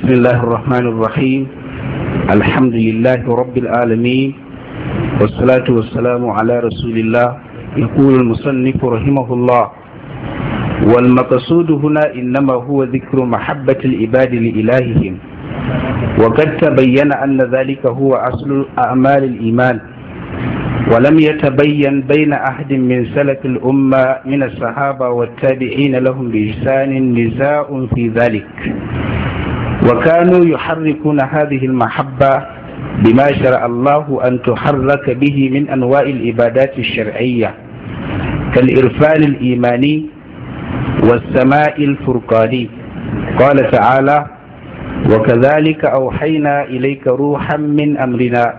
بسم الله الرحمن الرحيم الحمد لله رب العالمين والصلاة والسلام على رسول الله يقول المصنف رحمه الله والمقصود هنا إنما هو ذكر محبة العباد لإلههم وقد تبين أن ذلك هو أصل أعمال الإيمان ولم يتبين بين أحد من سلف الأمة من الصحابة والتابعين لهم بإحسان نزاع في ذلك وكانوا يحركون هذه المحبة بما شرع الله أن تحرك به من أنواع العبادات الشرعية كالإرفان الإيماني والسماء الفرقاني قال تعالى وكذلك أوحينا إليك روحا من أمرنا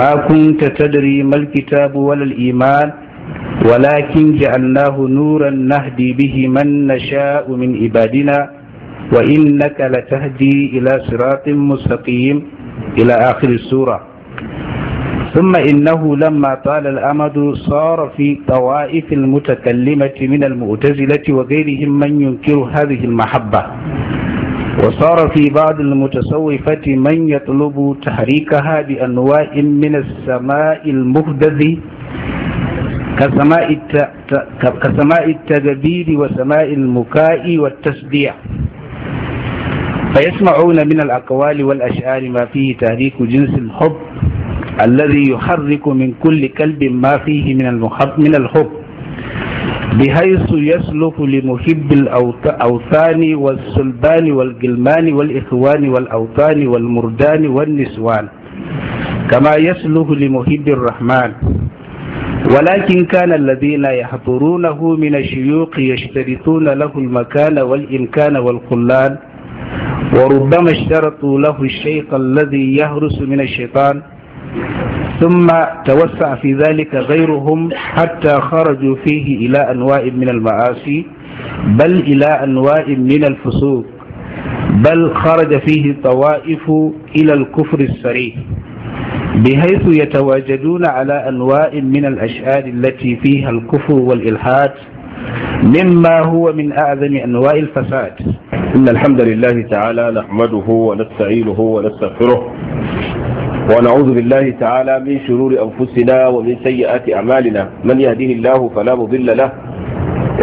ما كنت تدري ما الكتاب ولا الإيمان ولكن جعلناه نورا نهدي به من نشاء من عبادنا وإنك لتهدي إلى صراط مستقيم إلى آخر السورة ثم إنه لما طال الأمد صار في طوائف المتكلمة من المعتزلة وغيرهم من ينكر هذه المحبة وصار في بعض المتصوفة من يطلب تحريكها بأنواع من السماء المهدد كسماء التدبير وسماء المكاء والتسبيح فيسمعون من الأقوال والأشعار ما فيه تهريك جنس الحب الذي يحرك من كل كلب ما فيه من المحب من الحب بحيث يسلك لمحب الأوثان والسلبان والجلمان والإخوان والأوثان والمردان والنسوان كما يسلك لمحب الرحمن ولكن كان الذين يحضرونه من الشيوخ يشترطون له المكان والإمكان والخلان وربما اشترطوا له الشيخ الذي يهرس من الشيطان ثم توسع في ذلك غيرهم حتى خرجوا فيه إلى أنواع من المعاصي بل إلى أنواع من الفسوق بل خرج فيه طوائف إلى الكفر الصريح بحيث يتواجدون على أنواع من الأشعار التي فيها الكفر والإلحاد مما هو من أعظم أنواع الفساد إن الحمد لله تعالى نحمده ونستعينه ونستغفره ونعوذ بالله تعالى من شرور أنفسنا ومن سيئات أعمالنا من يهديه الله فلا مضل له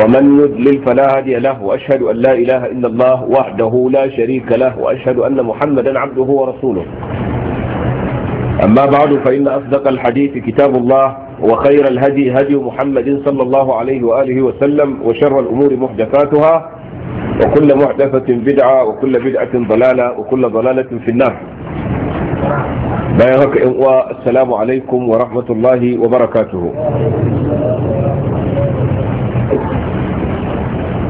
ومن يضلل فلا هادي له وأشهد أن لا إله إلا الله وحده لا شريك له وأشهد أن محمدا عبده ورسوله أما بعد فإن أصدق الحديث كتاب الله وخير الهدي هدي محمد صلى الله عليه وآله وسلم وشر الأمور محدثاتها وكل محدثة بدعة وكل بدعة ضلالة وكل ضلالة في النار بيانك السلام عليكم ورحمة الله وبركاته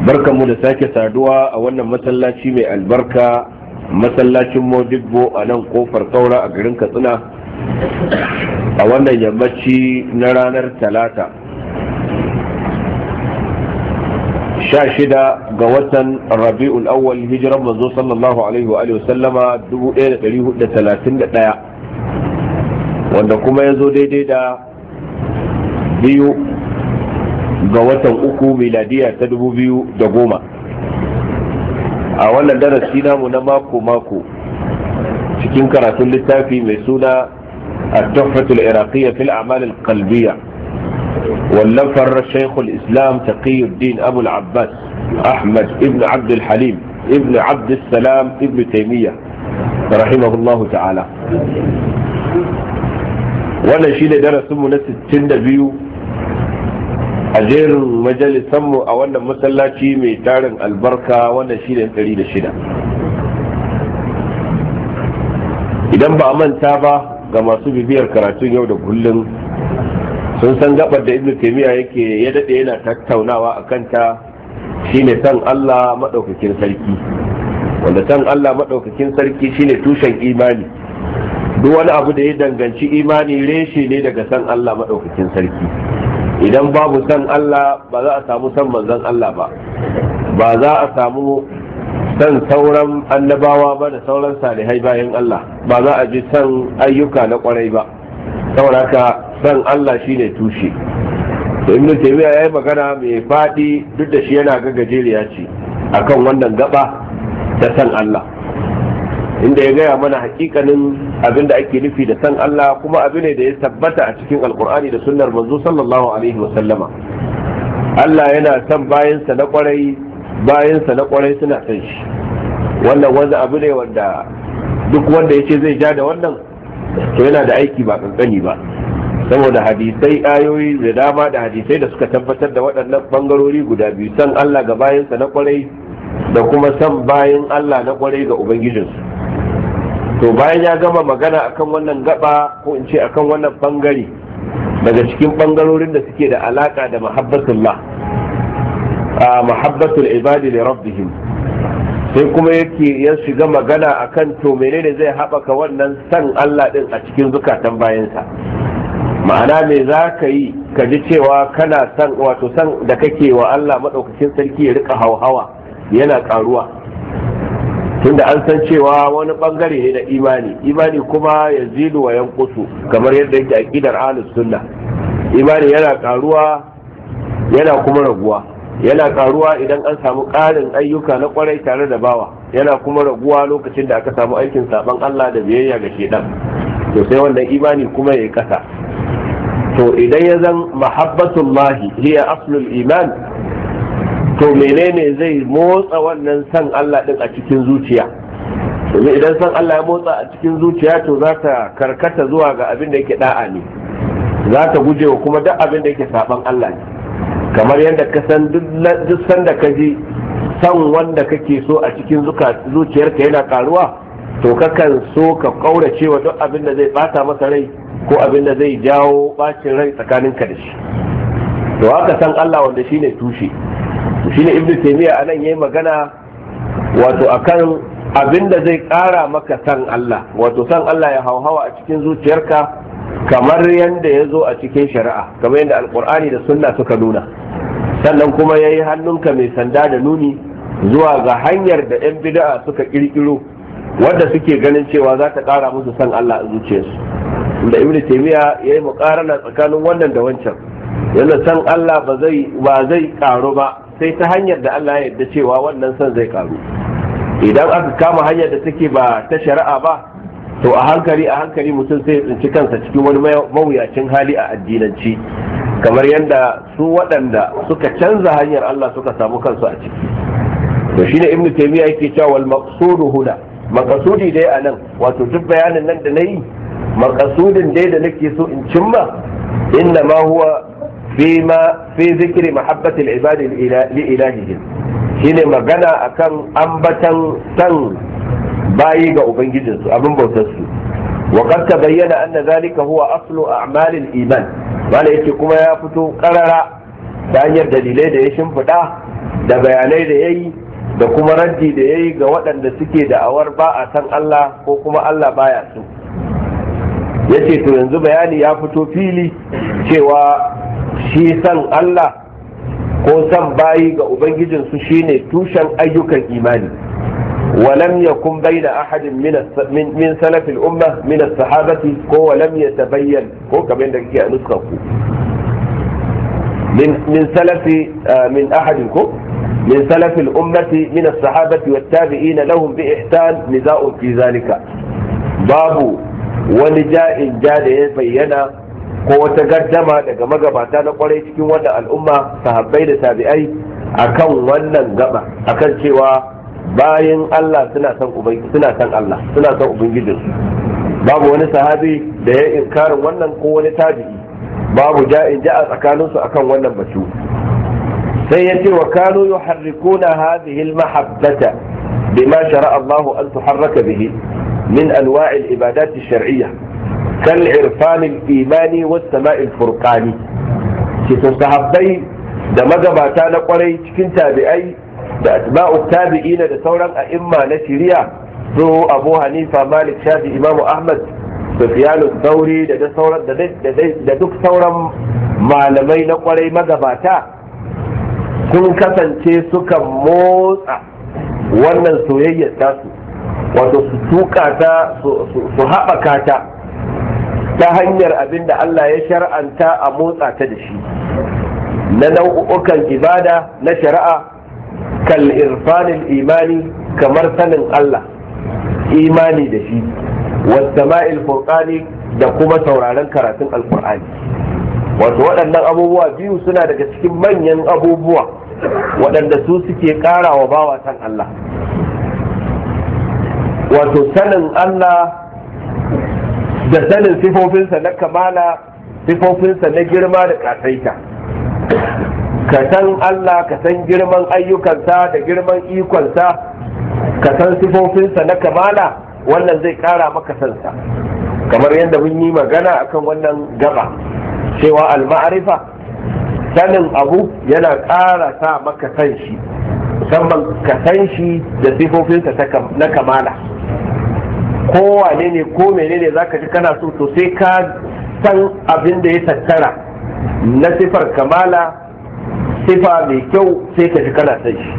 بركة مدساكة سادوة أولا مسلاتي من البركة مسلاتي مودبو أنا قوفر طورة أقرنك طنة a wannan yammaci na ranar talata sha shida ga watan rabi'ul awwal hijiran manzo sallallahu alaihi wa sallama 1431 wanda kuma ya zo daidai da biyu ga watan uku miladiya ta da goma. a wannan darasi namu na mako-mako cikin karatun littafi mai suna التحفة العراقية في الأعمال القلبية والنفر شيخ الإسلام تقي الدين أبو العباس أحمد ابن عبد الحليم ابن عبد السلام ابن تيمية رحمه الله تعالى wannan shi ne darasinmu na 62 a jerin majalisanmu a wannan masallaci mai tarin albarka wannan shi ne 106 idan ba a manta ba ga masu bibiyar karatun yau da kullum sun san gabar da ibnu taymiya yake ya dade yana tattaunawa a kanta shine san Allah madaukakin sarki wanda san Allah madaukakin sarki shine tushen imani duk wani abu da ya danganci imani reshe ne daga san Allah maɗaukakin sarki idan babu san Allah ba za a samu san manzon Allah ba ba za a samu san sauran annabawa ba da sauran salihai bayan Allah ba za a ji san ayyuka na kwarai ba saboda haka san Allah shine tushe to ibnu ya yi magana mai fadi duk da shi yana ga gajeriya ce akan wannan gaba ta san Allah inda ya gaya mana hakikanin abin da ake nufi da san Allah kuma abu ne da ya tabbata a cikin alkur'ani da sunnar manzo sallallahu alaihi wa sallama Allah yana san bayansa na kwarai bayansa na kwarai suna san shi wannan wanda abu ne wanda duk wanda ya ce zai ja da wannan to yana da aiki ba kankani ba saboda hadisai ayoyi da dama da hadisai da suka tabbatar da waɗannan bangarori guda biyu san Allah ga bayansa na kwarai da kuma san bayan Allah na kwarai ga ubangijinsu to bayan ya gama magana akan wannan gaba ko in ce akan wannan bangare daga cikin bangarorin da suke da alaka da mahabbatullah mahabbatul ibadi li rabbihim sai kuma yake ya shiga magana akan to menene zai haɓaka wannan san Allah ɗin a cikin zukatan bayansa ma'ana me za ka yi ka ji cewa kana san wato san da kake wa Allah maɗaukakin sarki ya rika hauhawa yana karuwa tunda an san cewa wani bangare ne na imani imani kuma ya zilu wa yankusu kamar yadda yake a ƙidar sunna imani yana karuwa yana kuma raguwa yana karuwa idan an samu ƙarin ayyuka na kwarai tare da bawa yana kuma raguwa lokacin da aka samu aikin saban Allah da biyayya ga shedan to sai wannan imani kuma ya kasa to idan ya zan mahi, hiya aslul iman to menene zai motsa wannan san Allah din a cikin zuciya domin idan san Allah ya motsa a cikin zuciya to za ta karkata zuwa ga abin da yake da'a ne za ta gujewa kuma duk abin da yake saban Allah ne kamar yadda ka san duk sanda ka ji san wanda kake so a cikin zuciyarka yana karuwa to kakan so ka kaurace wa duk abin da zai bata masa rai ko abin da zai jawo bacin rai tsakanin ka da shi to haka san Allah wanda shine tushe shine ibnu taymiya anan yayi magana wato akan abin da zai kara maka san Allah wato san Allah ya hauhawa a cikin zuciyarka kamar yadda ya zo a cikin shari'a kamar yadda alkur'ani da sunna suka nuna sannan kuma ya yi hannunka mai sanda da nuni zuwa ga hanyar da 'yan bida'a suka kirkiro wadda suke ganin cewa za ta kara musu san Allah a zuciyarsu da ibn taymiya ya yi mukarana tsakanin wannan da wancan yana san Allah ba zai ba ba sai ta hanyar da Allah ya yarda cewa wannan san zai karu idan aka kama hanyar da take ba ta shari'a ba to a hankali a hankali mutum sai ya tsinci kansa cikin wani mawuyacin hali a addinanci kamar yadda su waɗanda suka canza hanyar Allah suka samu kansu a ciki to shine ibn taymiya yake cewa wal maqsudu makasudi maqsudi dai anan wato duk bayanin nan da nayi maqsudin dai da nake so in cimma inna ma huwa fi ma fi zikri mahabbati al-ibad li ilahihim shine magana akan ambatan san bayi ga ubangijinsu abin bautarsu wa ta bayyana anna zalika huwa aslu a'malil iman wala yake kuma ya fito karara ta hanyar dalilai da ya shimfiɗa da bayanai da yayi da kuma raddi da yayi ga waɗanda suke da awar ba a san Allah ko kuma Allah baya su yace to yanzu bayani ya fito fili cewa shi san Allah ko san bayi ga ubangijinsu shine tushen ayyukan imani ولم يكن بين أحد من من سلف الأمة من الصحابة هو لم يتبين هو كمان دقيقة نسخة من من سلف من أحدكم من سلف الأمة من الصحابة والتابعين لهم بإحسان نداء في ذلك باب ونجاء جاد يبينا ko wata gardama daga magabata na kwarai cikin wannan al'umma sahabbai da tabi'ai akan wannan gaba akan cewa bayan Allah suna san ubangi suna san Allah suna san ubangijin babu wani sahabi da ya inkarin wannan ko wani tabi'i babu ja'in ja'a tsakaninsu akan wannan batu sai ya ce wa kanu yuharrikuna hadhihi almahabbata bima shara'a Allah an tuharraka bihi min anwa'i al-ibadat ash-shar'iyyah kal irfan al-imani was sama' al-furqani ki sahabbai da magabata na kwarai cikin tabi'ai da atba'u tabi'ina da sauran a'imma na shari'a su Abu Hanifa Malik Shafi Imam Ahmad Sufyan sauri da duk sauran malamai na kwarai magabata sun kasance sukan motsa wannan soyayyar tasu wato su tuka ta su haɓaka ta ta hanyar abin da Allah ya shar'anta a motsa ta da shi na nau'ukan ibada na shari'a kal irfanil imani kamar sanin Allah imani da shi wasama'il furqani da kuma sauraron karatun alqur'ani wato waɗannan abubuwa biyu suna daga cikin manyan abubuwa waɗanda su suke ƙara wa bawa san Allah wato sanin Allah da sanin sifofinsa na kamala sifofinsa na girma da ƙasaita ka san Allah ka san girman ayyukansa da girman ikonsa ka san sifofinsa na kamala wannan zai kara maka sansa kamar yadda mun yi magana akan wannan gaba cewa al marifa sanin abu yana ƙara sa maka san shi musamman ka san shi da sifofinsa na kamala kowane ne ko menene za ji kana so to sai ka san abin da ya tattara na sifar kamala sifa mai kyau sai ka ji kana san shi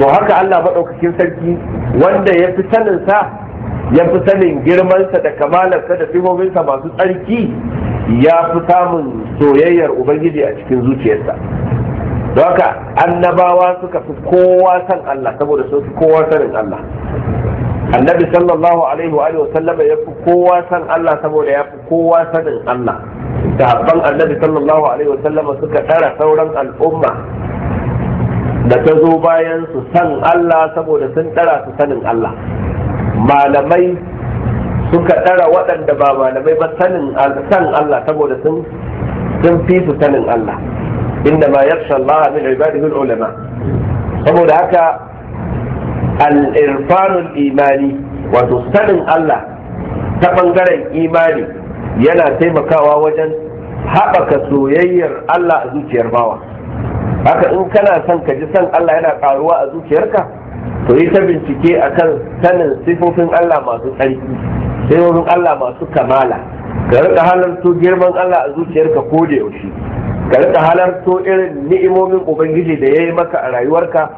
to haka Allah maɗaukakin sarki wanda ya fi sanin sa ya fi sanin girmansa da kamalarsa da sifofinsa masu tsarki ya fi samun soyayyar ubangiji a cikin zuciyarsa don haka annabawa suka fi kowa san Allah saboda sun fi kowa sanin Allah annabi sallallahu alaihi wa sallama ya fi kowa san Allah saboda ya fi kowa sanin Allah sahabban annabi sallallahu alaihi wasallam suka tsara sauran al'umma da ta zo bayan su san Allah saboda sun tsara su sanin Allah malamai suka tsara waɗanda ba malamai ba sanin san Allah saboda sun sun fi su sanin Allah inda ma yakhsha Allah min ibadihi ulama saboda haka al-irfanul imani wato sanin Allah ta bangaren imani yana taimakawa wajen haɓaka soyayyar Allah a zuciyar bawa haka in kana son ka ji son Allah yana ƙaruwa a zuciyarka to yi ta bincike a kan sanin sifofin Allah masu tsarki sifofin Allah masu kamala ka rika halarto girman Allah a zuciyarka ko da yaushe ka rika halarto irin ni'imomin ubangiji da ya yi maka a rayuwarka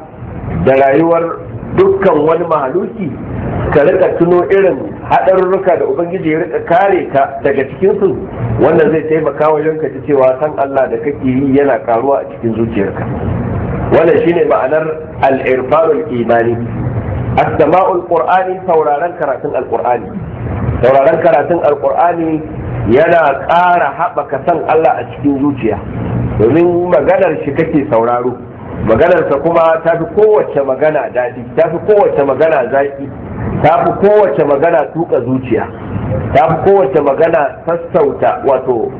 da rayuwar dukkan wani mahaluki ka rika tuno irin haɗarurruka da ubangiji ya rika kare ka daga cikinsu wannan zai taimaka wa yanka ji cewa san Allah da kake yi yana karuwa a cikin zuciyarka wannan shine ma'anar al-irfanul imani as-sama'ul qur'ani sauraron karatun al-qur'ani sauraron karatun al-qur'ani yana ƙara haɓaka san Allah a cikin zuciya domin maganar shi kake sauraro maganarsa kuma ta fi kowace magana daɗi ta fi kowace magana zaƙi ta fi kowace magana tuka zuciya ta fi kowace magana sassauta wato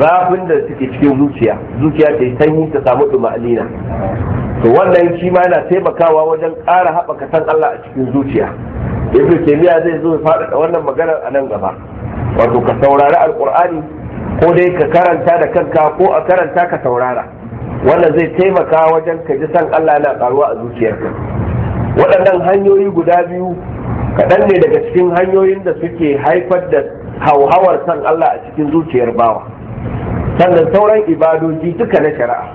zafin da suke cikin zuciya zuciya ta yi sanyi ta samu duma'alina to wannan shi ma yana taimakawa wajen ƙara haɓaka san Allah a cikin zuciya ibn taymiya zai zo ya faɗaɗa wannan magana a nan gaba wato ka saurari alƙur'ani ko dai ka karanta da kanka ko a karanta ka saurara wannan zai taimaka wajen ka ji san Allah yana ƙaruwa a zuciyarka waɗannan hanyoyi guda biyu kaɗan ne daga cikin hanyoyin da suke haifar da hauhawar san Allah a cikin zuciyar bawa sannan sauran ibadoji duka na shari'a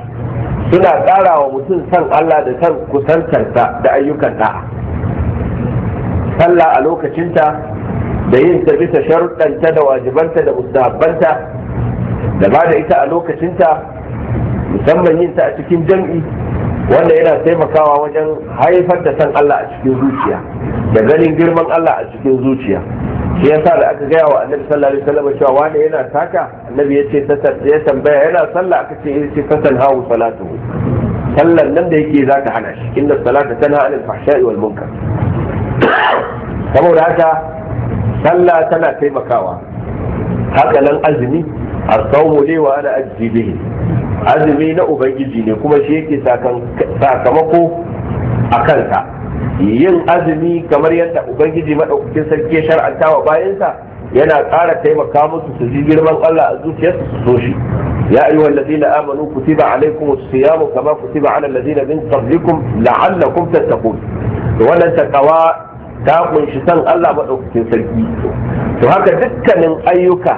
suna tsara wa mutum san Allah da san kusantarsa da ayyukan sallah a lokacinta da yin ta bisa sharuɗanta da wajibanta da mustahabbanta da ba da ita a lokacinta musamman yin ta a cikin jam'i wanda yana taimakawa wajen haifar da san Allah a cikin zuciya da ganin girman Allah a cikin zuciya shi yasa da aka gaya wa annabi sallallahu alaihi wasallam cewa wanda yana taka annabi yace ya tambaya yana sallah aka ce yace eh, fatan hawu salatu sallan nan da yake zaka hana shi inna salata tanha anil fahsha'i wal munkar saboda haka sallah tana taimakawa haka nan azumi as-sawmu li wa ana ajzi azumi na ubangiji ne kuma shi yake sakamako a kansa yin azumi kamar yadda ubangiji maɗaukakin sarki ya shar'anta wa bayansa yana ƙara taimaka musu su ji girman Allah a zuciyarsu su so shi ya ayyuha alladhina amanu kutiba alaykumus siyamu kama kutiba ala alladhina min qablikum la'allakum ta to wannan takawa ta kunshi san Allah maɗaukakin sarki to haka dukkanin ayyuka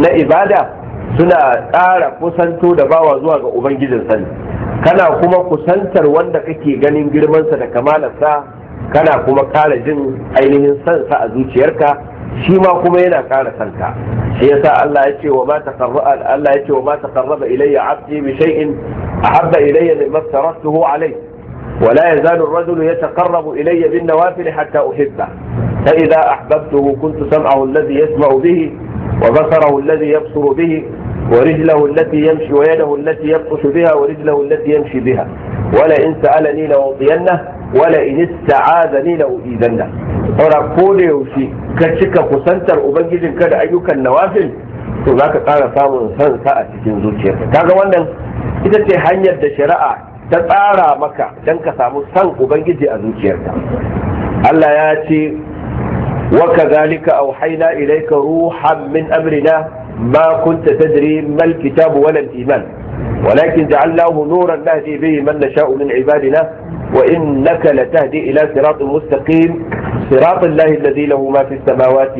na ibada suna ƙara kusanto da bawa zuwa ga ubangijin sani kana kuma kusantar wanda kake ganin girmansa da kamalarsa kana kuma ƙara jin ainihin sansa a zuciyarka shi ma kuma yana ƙara sanka shi yasa Allah ya ce wa ma taqarraba Allah ya ce wa ma taqarraba ilayya 'abdi bi shay'in ahabba ilayya mimma taratuhu alayhi ولا يزال الرجل يتقرب إلي بالنوافل حتى أحبه فإذا أحببته كنت سمعه الذي يسمع bihi. وبصره الذي يبصر به ورجله التي يمشي ويده التي يبطش بها ورجله التي يمشي بها ولئن سألني لأعطينه ولئن استعاذني لأؤيذنه saura ko da yaushe ka cika kusantar ka da ayyukan nawafil to za ka ƙara samun san sa a cikin zuciyarka kaga wannan ita ce hanyar da shari'a ta tsara maka don ka samu san ubangiji a zuciyarta. Allah ya ce وكذلك أوحينا إليك روحا من أمرنا ما كنت تدري ما الكتاب ولا الإيمان ولكن جعلناه نورا نهدي به من نشاء من عبادنا وإنك لتهدي إلى صراط مستقيم صراط الله الذي له ما في السماوات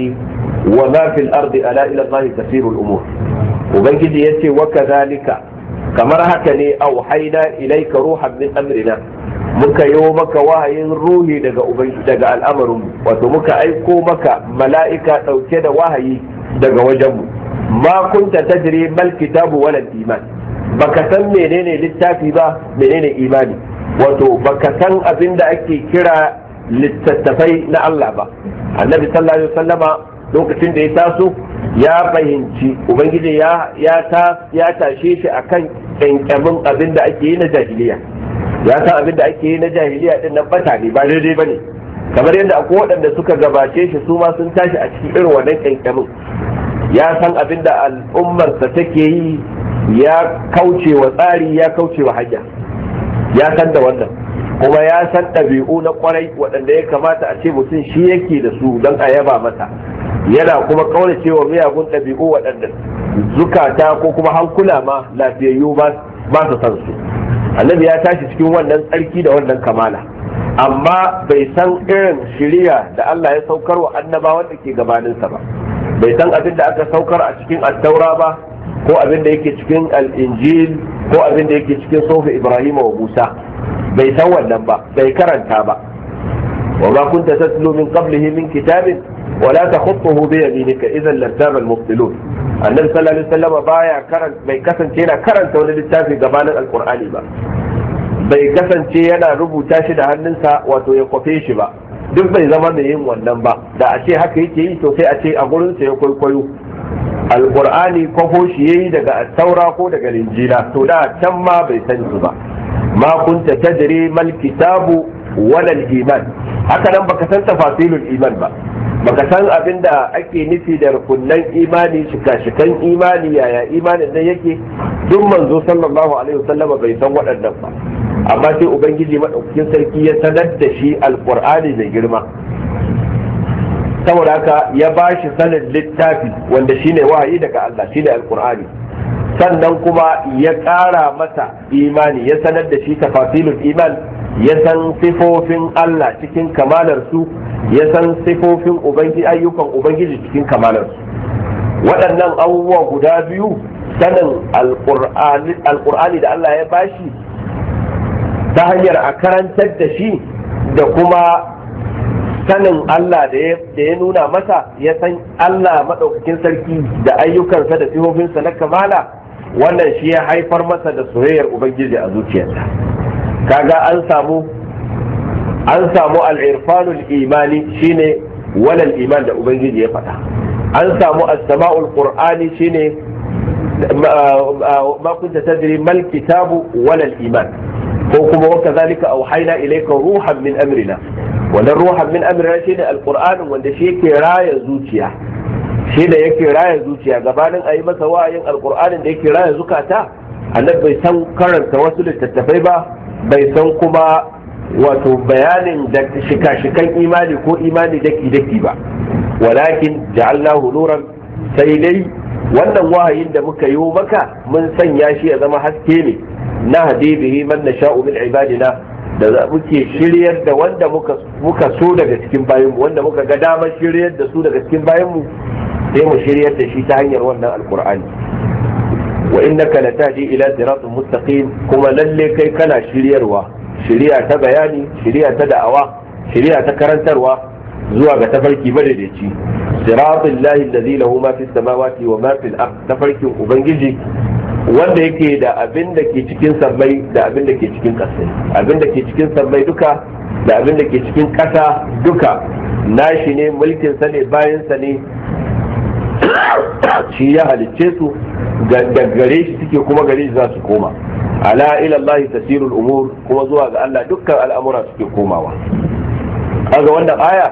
وما في الأرض ألا إلى الله تسير الأمور وبنجد يسي وكذلك كما هكني أوحينا إليك روحا من أمرنا muka yi maka wahayin ruhi daga daga al'amarin wato muka aiko maka mala'ika ɗauke da wahayi daga wajenmu ma kunta tajri mal kitabu wala iman baka san menene littafi ba menene imani wato baka san abin da ake kira littattafai na Allah ba annabi sallallahu alaihi wasallama lokacin da ya taso ya fahimci ubangiji ya ya tashe shi akan kyankyamin abin da ake yi na jahiliya ya san abin da ake yi na jahiliya din na bata ne ba daidai ba ne, kamar yadda akwai waɗanda suka gabace shi su ma sun tashi a cikin irin wannan ƙanƙanin ya san abin da al'ummarsa take yi ya kauce wa tsari ya kauce wa hanya ya san da wannan kuma ya san ɗabi'u na kwarai waɗanda ya kamata a ce mutum shi yake da su don a yaba masa yana kuma kaurace wa miyagun ɗabi'u waɗanda zukata ko kuma hankula ma lafiyayyu ba su san su annabi ya tashi cikin wannan tsarki da wannan kamala amma bai san irin shiriya da Allah ya saukar wa Annaba wanda ke gabaninsa ba bai san abin da aka saukar a cikin attaura ba ko abin da yake cikin Al-Injil? ko abin da yake cikin sofi ibrahim wa musa bai san wannan ba bai karanta ba wa ma kunta tatlu min qablihi min kitabin wala takhutuhu bi yaminika idan ladama al-mubtilun annabi sallallahu alaihi wasallam baya karan bai kasance yana karanta wani littafi gabanin alqur'ani ba bai kasance yana rubuta shi da hannunsa wato ya kwafe shi ba duk bai zama mai yin wannan ba da a ce haka yake yi to sai a ce a gurinsa ya kwaikwayo alqur'ani kwafo shi yayi daga taura ko daga linjila to da can ma bai san su ba ma kunta tadri mal kitabu wala al-iman haka nan baka san tafasilul iman ba baka san abin da ake nufi da rukunan imani shika-shikan imani yaya imanin nan yake duk manzo sallallahu alaihi wasallam bai san waɗannan ba amma sai ubangiji madaukakin sarki ya sanar da shi Alƙur'ani mai girma saboda haka ya ba shi sanin littafi wanda shine wahayi daga Allah shine alqur'ani sannan kuma ya ƙara masa imani ya sanar da shi tafasilul iman ya san sifofin Allah cikin kamalarsu ya san sifofin ubangiji ayyukan ubangiji cikin kamalarsu waɗannan abubuwa guda biyu sanin alƙur'ani da Allah ya bashi ta hanyar a karantar da shi da kuma sanin Allah da ya nuna masa ya san Allah maɗaukakin sarki da ayyukansa da sifofinsa na kamala wannan shi ya haifar masa da soyayyar ubangiji a zuciyarsa kaga an samu an samu al imani shine walal iman da ubangiji ya faɗa an samu asamaul qur'ani shine ma kunta tadri mal kitabu walal iman ko kuma wa kadhalika auhayna ilayka ruhan min amrina wannan ruhan min amrina shine al-qur'an wanda shi ke raya zuciya shi da yake raya zuciya gabanin ayi masa wa'ayin al da yake raya zukata annabi bai san karanta wasu littattafai ba bai san kuma wato bayanin da shika-shikan imani ko imani daki-daki ba walakin ja'alnahu nuran sai dai wannan wahayin da muka yi maka mun sanya shi ya zama haske ne na hadibihi man nasha'u min ibadina da muke shiryar da wanda muka so daga cikin bayanmu wanda muka ga damar shiryar da su daga cikin bayanmu sai mu shiryar da shi ta hanyar wannan alkur'ani wa innaka latahdi ila siratin mustaqim kuma lalle kai kana shiryarwa shiriya ta bayani shiriya ta da'awa shirya ta karantarwa zuwa ga tafarki madaidaici siratul lahi allazi lahu ma fis samawati wa ma fil ard tafarkin ubangiji wanda yake da abin da ke cikin sammai da abin da ke cikin ƙasa abin da ke cikin sammai duka da abin da ke cikin ƙasa duka nashi ne mulkin sa ne bayan sa ne shi ya halicce su gare shi suke kuma gare shi za su koma ala ila Allah tasirul umur kuma zuwa ga Allah dukkan al'amura suke komawa kaga wannan aya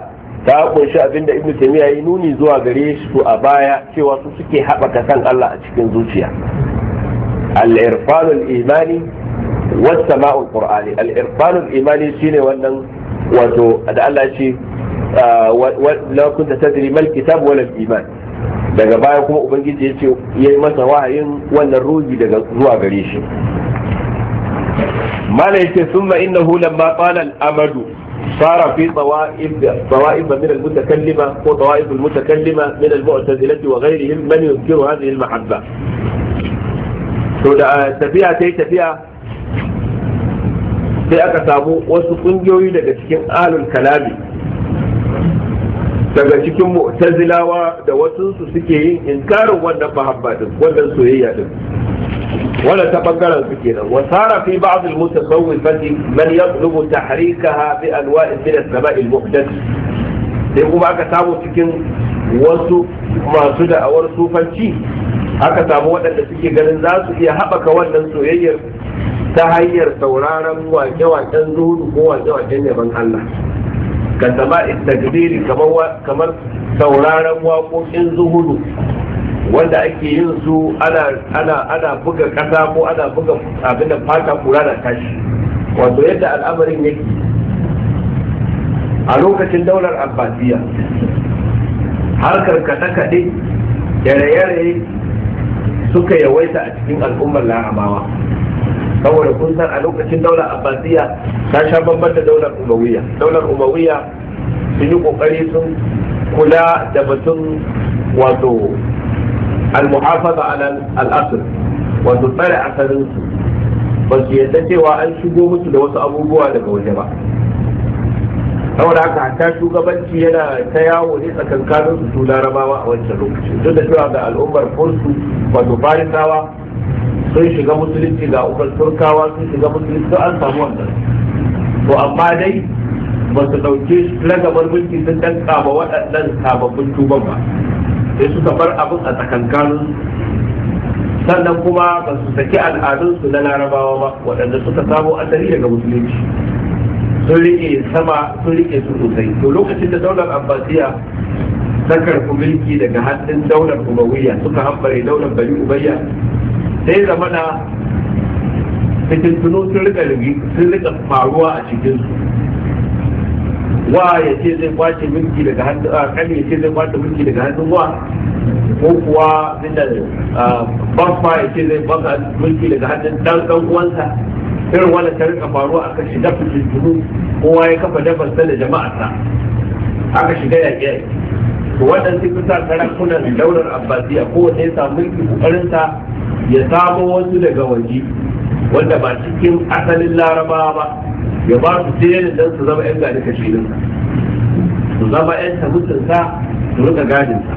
ta kunshi abinda ibnu taymiya yayi nuni zuwa gare su a baya cewa su suke haɓaka san Allah a cikin zuciya al-irfan imani was sama'u qurani al imani shine wannan wato da Allah ya ce la kunta tadri mal kitab wal iman daga baya kuma ubangiji ya ce ya yi masa wahayin wannan ruhi daga zuwa gare shi mana ce sun ma inna hulan ma ƙwanan amadu fara fi tsawa'in ba minal mutakallima ko tsawa'in ba mutakallima minal mu'tazilati wa gairi him mani yuskiru hazi il mahabba to da eh, tafiya ta yi tafiya sai aka samu wasu ƙungiyoyi daga cikin alul kalami daga cikin mu'tazilawa da wasu suke yin inkarin wannan mahabba din wannan soyayya din wala ta bangaren su kenan wa sara fi ba'd al mutasawwifati man yatlubu tahrikaha bi anwa'in min as-sama'i al-muhdath sai kuma aka samu cikin wasu masu da'awar sufanci aka samu waɗanda suke ganin za su iya haɓaka wannan soyayyar ta hanyar sauraron wake-waken zuhudu ko wake-waken yaban Allah ka sama istagbiri kamar sauraron waƙoƙin zuhudu wanda ake yin su ana buga ƙasa ko ana buga abin da fata kura da tashi wato yadda al'amarin yake a lokacin daular abbasiya harkar kaɗe-kaɗe yare-yare suka yawaita a cikin al'ummar larabawa saboda kun san a lokacin daular abbasiya ta sha bamban da daular umawiya daular umawiya sun yi kokari sun kula da batun wato al-muhafaza ala al-asr wato tsare asalin su ba su yadda cewa an shigo musu da wasu abubuwa daga waje ba saboda haka hatta shugabanci yana ta yawo ne tsakankanin su larabawa a wancan lokacin duk da cewa ga al'ummar fursu wato farisawa sun shiga musulunci ga ukar turkawa sun shiga musulunci an samu wannan to amma dai ba su ɗauke shi ragabar mulki sun ɗan kama waɗannan sababbin tuban ba sai suka bar abin a tsakankanin sannan kuma ba su saki al'adunsu na larabawa ba waɗanda suka samo asali daga musulunci sun riƙe sama sun riƙe su sosai to lokacin da daular abbasiya ta karfi mulki daga hannun daular umawiyya suka hambare daular bani ubayya sai zamana fitintuno sun rika sun rika faruwa a cikinsu wa ya ce zai kwace mulki daga hannun a kan ya ce zai kwace mulki daga hannun wa ko kuwa inda baffa ya ce zai baka mulki daga hannun dan dan uwansa irin wani ta rika faruwa aka shiga fitintunu kowa ya kafa dabarsa da jama'arsa aka shiga yaƙe to waɗansu kusa sarakunan daular abbasiya wanda ya samu mulki ƙoƙarinsa ya samo wasu daga waje wanda ba cikin asalin laraba ba ya ba su jerin don su zama yan gani kashininsa su zama yan tabutinsa su rika gadinsa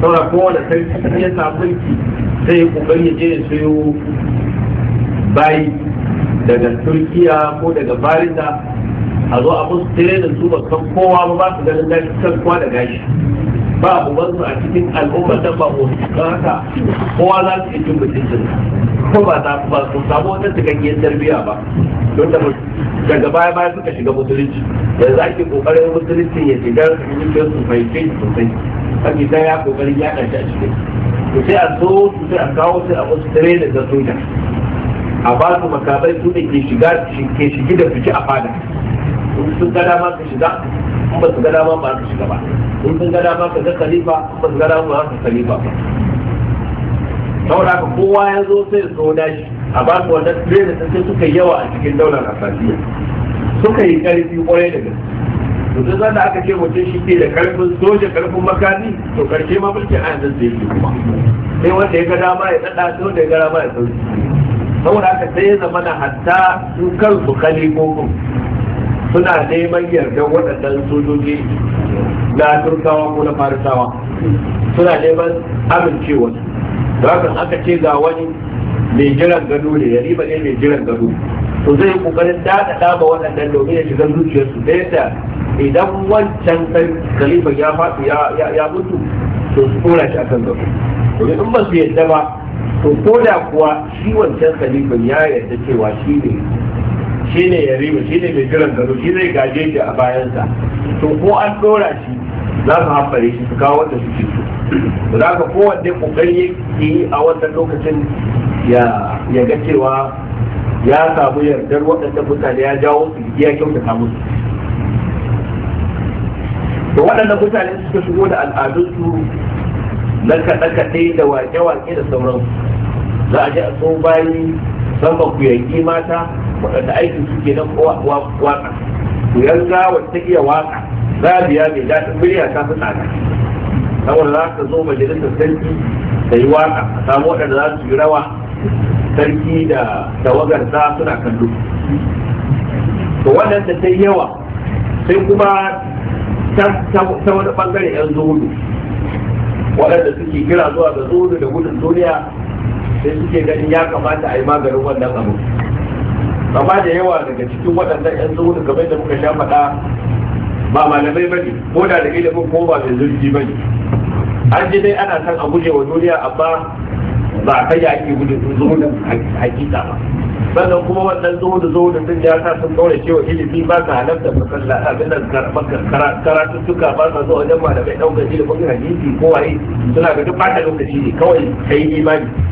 saura kowane sarki ya samu mulki sai ya kokari ya je ya sayo bayi daga turkiya ko daga barisa a zo a musu da su ba san kowa ba ba su ganin gashi san kowa da gashi ba wasu a cikin al'ummar da ba haka kowa za su cin mutuncin ko ba za su ba su samu wata cikakkiyar tarbiyya ba don da daga baya baya suka shiga musulunci za ke kokarin musulunci ya shiga musulunci su fahimce shi sosai kan idan ya kokarin ya shi a cikin to sai a so su sai a kawo sai a wasu tare da soja a ba su makamai su ne ke shiga ke shigi da fice a fada sun gada ma su shiga in ba su ga dama ba su shiga ba in sun ga dama ka ga khalifa in ba su ga dama ba su khalifa ba saboda haka kowa ya zo sai su dashi a ba su wannan tsere sai suka yawa a cikin daular asasiya suka yi karfi kwarai da gaske to duk zan da aka ce mutum shi ke da karfin soja karfin makami to karshe ma mulkin a yanzu zai yi kuma sai wanda ya ga dama ya tsada sai wanda ya ga dama ya sauki saboda haka sai ya zama na hatta su kansu kalifofin suna neman yarda waɗannan sojoji na turkawa ko na farisawa suna neman amincewa da haka aka ce ga wani mai jiran gado ne ya riba ne mai jiran gado to zai yi kokarin daɗa dama waɗannan domin ya shiga zuciyarsu da yadda idan wancan kalifan ya faɗi ya mutu to su kora shi akan gado to in ba su yadda ba to ko da kuwa shi wancan kalifa ya yarda cewa shi ne shi ne ya riba shi ne mai jiran gado shi zai gaje shi a bayansa to ko an dora shi za su hamfare shi su kawo wanda su su za ka kowanne kokari yi a wannan lokacin ya ga cewa ya samu yardar waɗanda mutane ya jawo su ya kyautata musu to waɗannan mutane suka shigo da al'adunsu na kaɗe-kaɗe da wake-wake da sauransu za a je a so bayi musamman ku yanki mata waɗanda aikin suke nan waka ku yanka wata iya waka rabiya mai daɗin murya ta fi tsada saboda za ka zo majalisar sarki da yi waka a samu waɗanda za su yi rawa sarki da tawagarsa suna kallo to wannan da ta yawa sai kuma ta wani bangare yan zuhudu waɗanda suke kira zuwa ga zuhudu da gudun duniya sai suke ganin ya kamata a yi maganin wannan abu amma da yawa daga cikin waɗannan 'yan zuwa game da muka sha faɗa ba malamai bane ko da da ilimin ko ba mai zurfi bane an ji dai ana san a guje wa duniya amma ba a kai ake gudun zuhudin hakika ba sannan kuma wannan da zuhudin da ya sa sun ɗaure cewa ilimi ba ka halarta masalla abin da karatuttuka ba sa zuwa wajen malamai ɗaukar ilimin hadisi ko waye suna ga duk ba ta lokaci ne kawai kai imani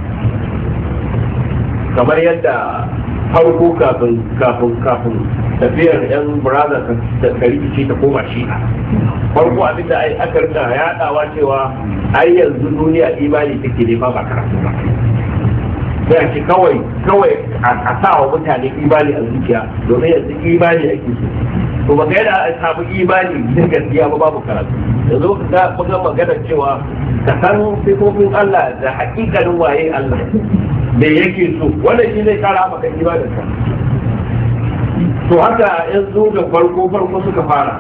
kamar yadda farko kafin kafin kafin tafiyar yan brother ta ce ta koma shi farko abin da aka rika yadawa cewa ai yanzu duniya imani take ne ba karatu ba kawai kawai a sa wa mutane imani a zuciya domin yanzu imani ake so to ba ka kai a samu imani na gaskiya ba babu karatu yanzu ka ga kusan magana cewa ka san sifofin Allah da hakikalin waye Allah da yake so wanda shi zai kara maka imanin ka to haka yanzu da farko farko suka fara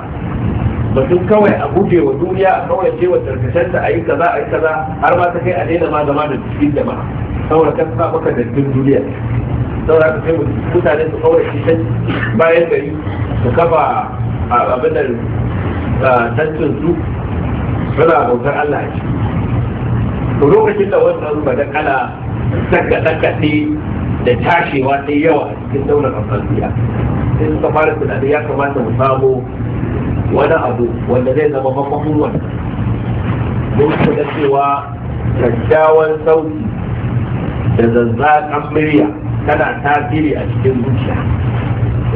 batun kawai a guje wa duniya a kawai ce wa tarkacen da ayi kaza ayi kaza har ma ta kai a daina ma zama da cikin jama'a saboda kan sa maka dattin duniya saura haka sai mutane su kawai shi can bayan gari su kafa abin da tantin su suna bautar Allah a ciki to lokacin da wannan badakala daga dakaɗe da tashewa ta yawa cikin daular amfaniya sai suka fara tunanin ya kamata mu samu wani abu wanda zai zama mafafin wannan mun cewa kyakkyawan sauti da zazzakan murya tana tasiri a cikin zuciya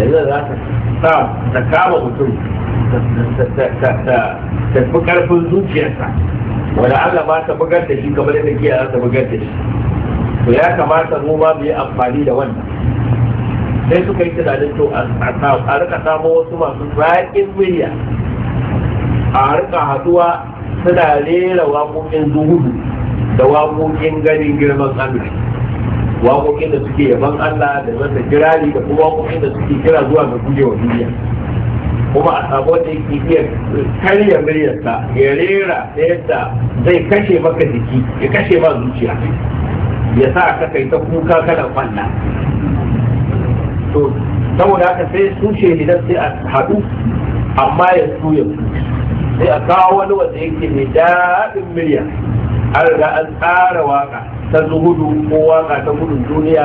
yanzu za ta sa ta kama mutum ta fi karfin zuciyarsa wanda Allah ma ta bugar da shi kamar yadda kiyaye ta bugar da shi to ya kamata mu ma mu yi amfani da wannan sai suka yi tunanin to a rika samo wasu masu zaƙin miliya a rika haduwa suna rera waƙoƙin zuhudu da waƙoƙin ganin girman amince waƙoƙin da suke yaban Allah da masa jirari da kuma waƙoƙin da suke kira zuwa ga gujewa duniya kuma a samu wanda yake iya karya miryarsa ya rera ta yadda zai kashe maka jiki ya kashe ma zuciya ya sa ka kai ta kuka kana kwanna to saboda haka sai su shehidan sai a haɗu amma ya su ya sai a kawo wani wanda yake mai daɗin miliyan an riga an tsara waƙa. ta zuhudu ko waka ta gudun duniya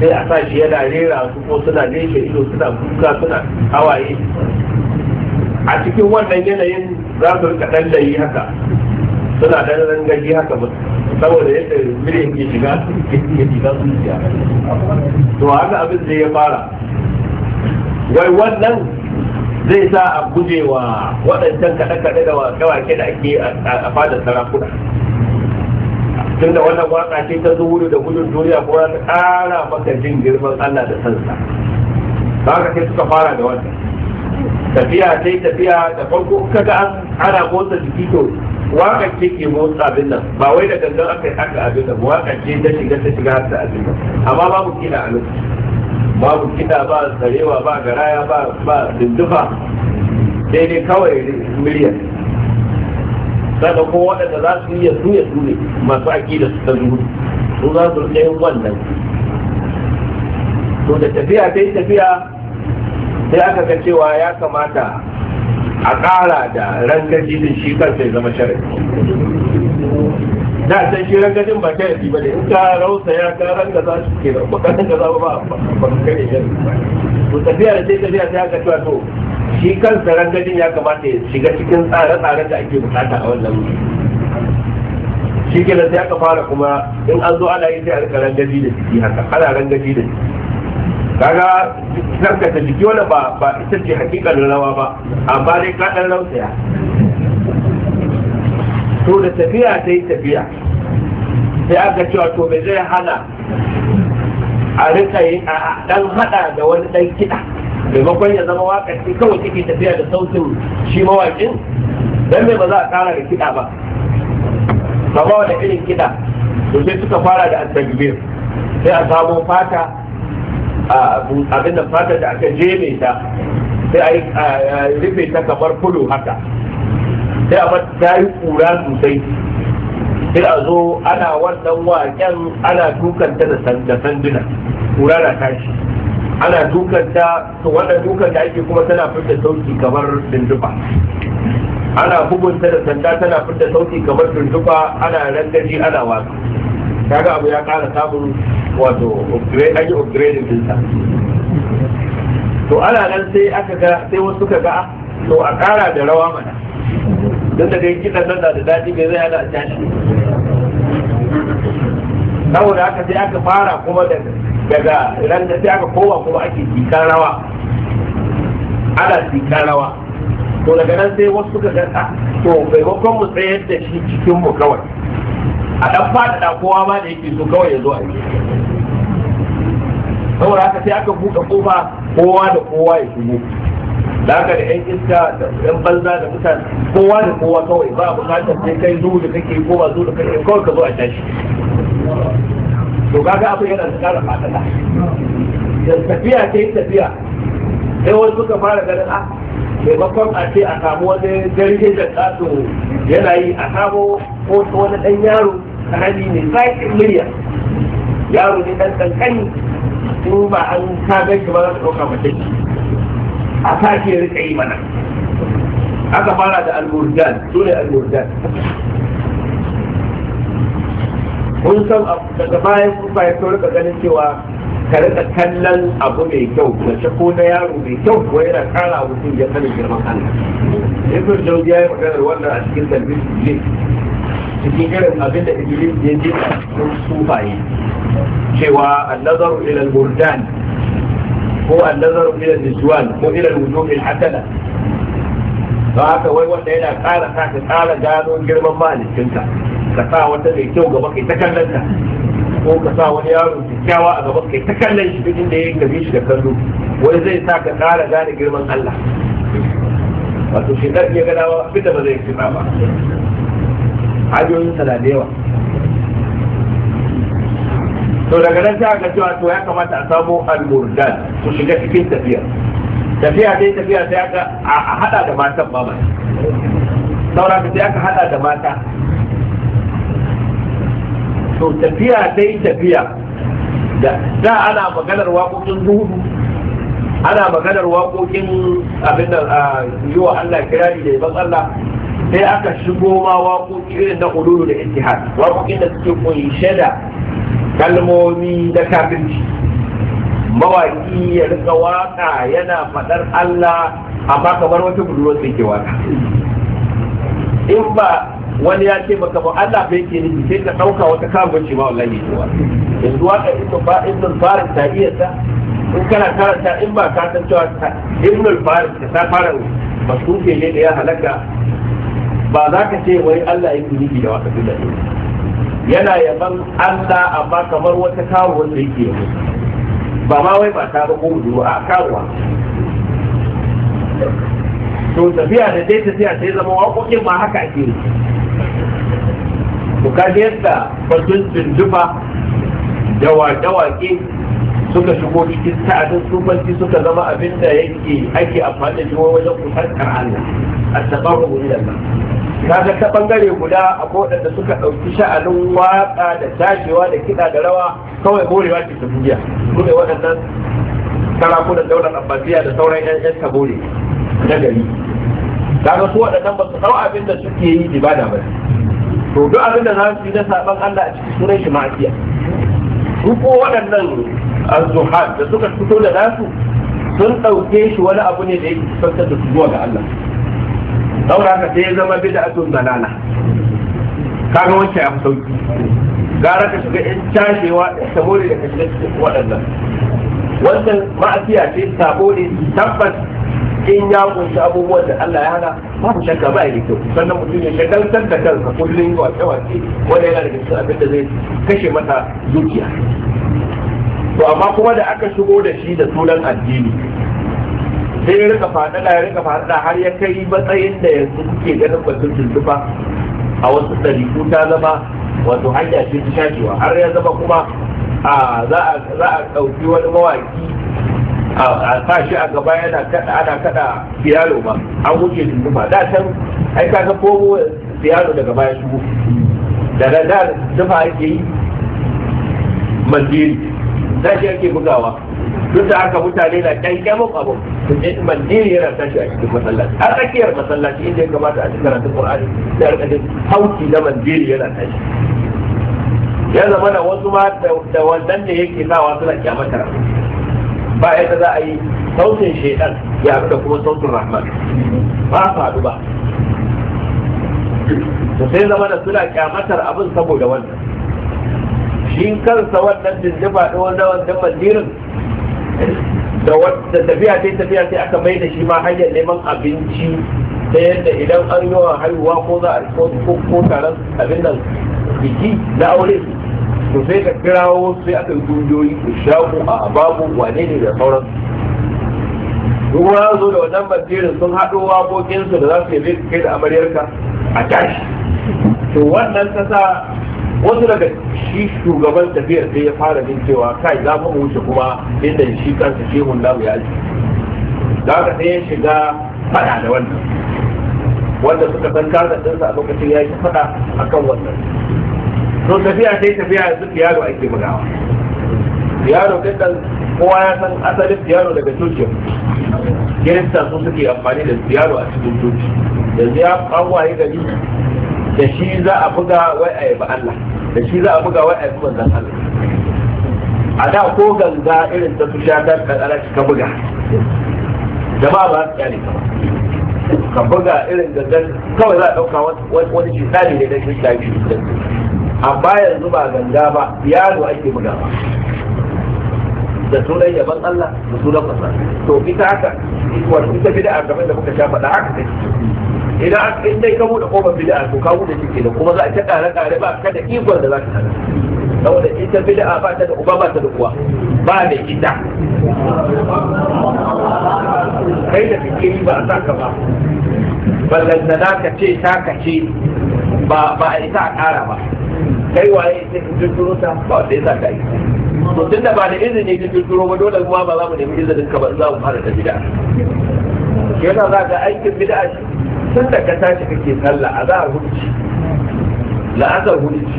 sai a sa shi yana rera su ko suna reshe ido suna kuka suna hawaye a cikin wannan yanayin za su rika ɗan layi haka suna ɗan rangaji haka ba saboda yadda miliyan ke shiga ke shiga zuciya to haka abin zai ya fara wai wannan zai sa a guje wa waɗancan kaɗe-kaɗe da wake da ake a fadar sarakuna tunda wannan waka ce ta zuhuru da gudun duniya ko za ta ƙara maka jin girman Allah da sansa haka sai suka fara da wannan tafiya sai tafiya da farko kaga an ana motsa jiki to waka ce ke motsa abin nan ba wai da gangan aka yi aka abin nan waka ce ta shiga ta shiga ta abin nan amma babu kiɗa a lokaci babu kiɗa ba sarewa ba garaya ba ba dindufa sai dai kawai miliyan sannan ko waɗanda za su yi ya su ya su ne masu aƙida su ta zuhudu su za su rike wannan to da tafiya ta yi tafiya sai aka ga cewa ya kamata a ƙara da rangaji din shi kansa ya zama sharadi da san shi rangajin ba ta yafi ba da in ka rausa ya ka ranga za su ke ba ka ranga za ba ba ka ne shi to tafiya da sai tafiya sai aka cewa to shi kansa rangajin ya kamata ya shiga cikin tsare-tsaren da ake bukata a wannan shi ke da sai aka fara kuma in an zo ana yi sai a rika rangaji da ciki haka ana rangaji da ciki kaga tsarkata jiki wani ba ba ita ce hakikar rawa ba amma dai ka dan rausaya to da tafiya ta yi tafiya sai aka cewa to me zai hana a rika yi a dan hada da wani dan kiɗa maimakon ya zama wakar kawai take tafiya da sautin shi mawakin dan me ba za a kara da kiɗa ba ba ba da irin kiɗa to sai suka fara da at sai a samo fata abin da fatar da aka jeme ta sai a rufe ta kamar kudu haka sai a ta yi kura sosai sai a zo ana wannan waken ana dukanta da sanduna kura na tashi ana dukanta to wannan ake kuma tana fita sauki kamar dinduba ana bugunta da sanda tana fita sauki kamar dinduba ana rangaji ana wasu kaga abu ya kara samun wato upgrade an yi upgrading dinsa to ana nan sai aka ga sai wasu suka ga to a kara da rawa mana don da dai kitan nan da dadi bai zai hana a tashi saboda aka sai aka fara kuma daga ran da sai aka koma kuma ake tikan rawa ana tikan rawa to daga nan sai wasu suka ga ah, to maimakon mu tsayar da shi cikin mu kawai a dan faɗaɗa kowa ma da yake so kawai ya zo a yi saboda haka sai aka buɗe kofa kowa da kowa ya shigo da haka da 'yan iska da 'yan banza da mutane kowa da kowa kawai ba a bukatar sai kai zuwa da kake ko ba zuwa da kake kawai ka zo a tashi to kaga abin yana da ƙara faɗaɗa da tafiya ta yi tafiya sai wani suka fara ganin a ah, taimakon a ce a samu wani jirgin da kasu yana yi a samu ko wani dan yaro karami mai sa'in miliyan yaro ne dan kankani in ba an kagar shi ba za su ɗauka mace a sake rika yi mana aka fara da almurjan su ne murjan mun san daga bayan kun bayan sun rika ganin cewa ka rika kallon abu mai kyau mace ko na yaro mai kyau ko yana kara mutum ya sanin girman Allah ibn jawzi ya yi maganar wannan a cikin talbis ne cikin irin abin da iblis ya ji a cikin sufaye cewa annazaru ila al-burdan ko annazaru ila al-niswan ko ila al-wujuh al-hasana don haka wai wanda yana ƙara sa ka ƙara gano girman mahalicinka ka sa wata mai kyau gaba kai ta kallon ta ko ka sa wani yaro kyakkyawa a gaba kai ta kallon shi duk inda ya gabe shi da kallo wai zai sa ka kara gane girman Allah wato shi dan ya gada ba abinda ba zai kira ba ajoyin sa da yawa to daga nan sai aka cewa to ya kamata a samu al-murdan ku shiga cikin tafiya tafiya dai tafiya sai aka a hada da matan ba saura sai aka hada da mata to tafiya dai tafiya da da ana maganar waƙoƙin zuhudu ana maganar waƙoƙin abin da yi wa Allah kirari da yaban Allah sai aka shigo ma waƙoƙi irin na hululu da ittihad waƙoƙin da suke kunshe da kalmomi da kafirci mawaki ya rika waƙa yana faɗar Allah amma kamar wata budurwar da ke waƙa in ba wani ya ce maka ba Allah bai ke ni sai ka ɗauka wata kagon ce ba wallahi cewa yanzu waka ibn ba ibn faris ta iya ta in kana karanta in ba ka san cewa ibn faris ta ta fara ke ne da ya halaka ba za ka ce wai Allah ya ke nufi da wata duk da yana yaban Allah amma kamar wata kawo wanda yake ba ma wai ba ta ba ko budurwa a kawo to tafiya da dai tafiya sai zama waƙoƙin ma haka ake to kaji yadda batun tunjufa da waƙe suka shigo cikin ta'adin sufanci suka zama abin da yake ake amfani da shi wajen kusan Allah a tabaru da Allah ga ta bangare guda ko waɗanda suka ɗauki sha'anin waƙa da tashewa da kiɗa da rawa kawai morewa ce ta buriya su ne waɗannan sarakunan daular abbasiya da sauran 'yan tabore na gari ga su waɗannan ba su ɗau abin da suke yi ibada ba to duk abin da za su yi na saban Allah a cikin sunan shi ma'afiya Duk ko waɗannan azuhar da suka fito da nasu sun ɗauke shi wani abu ne da yake fuskantar da su zuwa ga Allah saboda haka sai ya zama da bid'atun dalala kaga wancan ya fi sauki gara ka shiga in cashewa ta more da ka shiga cikin waɗannan wannan ma'afiya ce sabo ne tabbas in ya kunshi abubuwan da Allah ya hana babu shakka ba ya da kyau sannan mutum ya shagaltar da kansa kullum wace-wace wanda yana da cikin abin da zai kashe mata zuciya to amma kuma da aka shigo da shi da sunan addini sai ya rika faɗaɗa ya rika faɗaɗa har ya kai matsayin da yanzu kuke ganin batun tuntuba a wasu ɗariku ta zama wato hanya ce ta shakewa har ya zama kuma za a ɗauki wani mawaki a sa shi a gaba yana kada ana kada fiyalo ba, an wuce tunduma da can ai ka ga komo fiyalo daga baya shigo da da da dafa ake yi mandiri da shi ake bugawa duk da aka mutane na kyankyamin abu mandiri yana tashi a cikin masallaci a tsakiyar masallaci inda ya kamata a cikin karatun qur'ani da alƙadin hauki na mandiri yana tashi ya zama da wasu ma da wannan ne yake sawa suna kyamatar ba yadda za a yi sautin shaitan ya da kuma sautin rahman ba faɗu ba to sai zama da suna kyamatar abin saboda wannan shi kansa wannan dindiba da wannan wanda da wadda tafiya tafiya sai aka mai da shi ma hanyar neman abinci ta yadda idan an yi wa haihuwa ko za a ko taron abin nan biki na aure to sai ka kirawo sai aka yi ku shaku a babu wane ne da sauran duk wani zo da wannan basirin sun haɗo wakokinsu da za su yi kai da amaryarka a tashi to wannan ta sa wasu daga shi shugaban tafiyar sai ya fara jin cewa kai za mu wuce kuma inda shi kansa mun namu ya ji za ka sai ya shiga fada da wannan wanda suka san kasa a lokacin ya yi faɗa akan wannan to tafiya sai tafiya yanzu yaro ake bugawa yaro dukkan kowa ya san asalin yaro daga turkiya kirista sun suke amfani da yaro a cikin turki yanzu ya kawaye gari da shi za a buga wai a yi Allah da shi za a buga wai a yabi manzon Allah a da ko ganga irin ta su sha ta kadara ka buga jama'a ba su kyale kama, ka buga irin gangan kawai za a ɗauka wani shi tsari ne na shi tsari amma yanzu ba ganga ba yaro ake ba da sunan yaban Allah da sunan masa to ita haka wato ita bid'a kamar da muka sha faɗa haka ne idan in dai ka bude kofar bid'a to ka bude shi da kuma za a ta ƙara ƙare ba kada ikon da za ka hana saboda ita bid'a ba ta da uba ba ta da uwa ba mai ita kai da kake ba a ka ba ballantana ka ce ta ce. ba ba a ita a ƙara ba kai waye sai ka kirkiro ta ba wanda ya sa ka yi to tunda ba da izini ka kirkiro ba dole kuma ba za mu nemi izinin ka ba za mu fara ta bid'a yana za ka aikin bid'a tun da ka tashi kake sallah a za a hudu la'azar hudu ce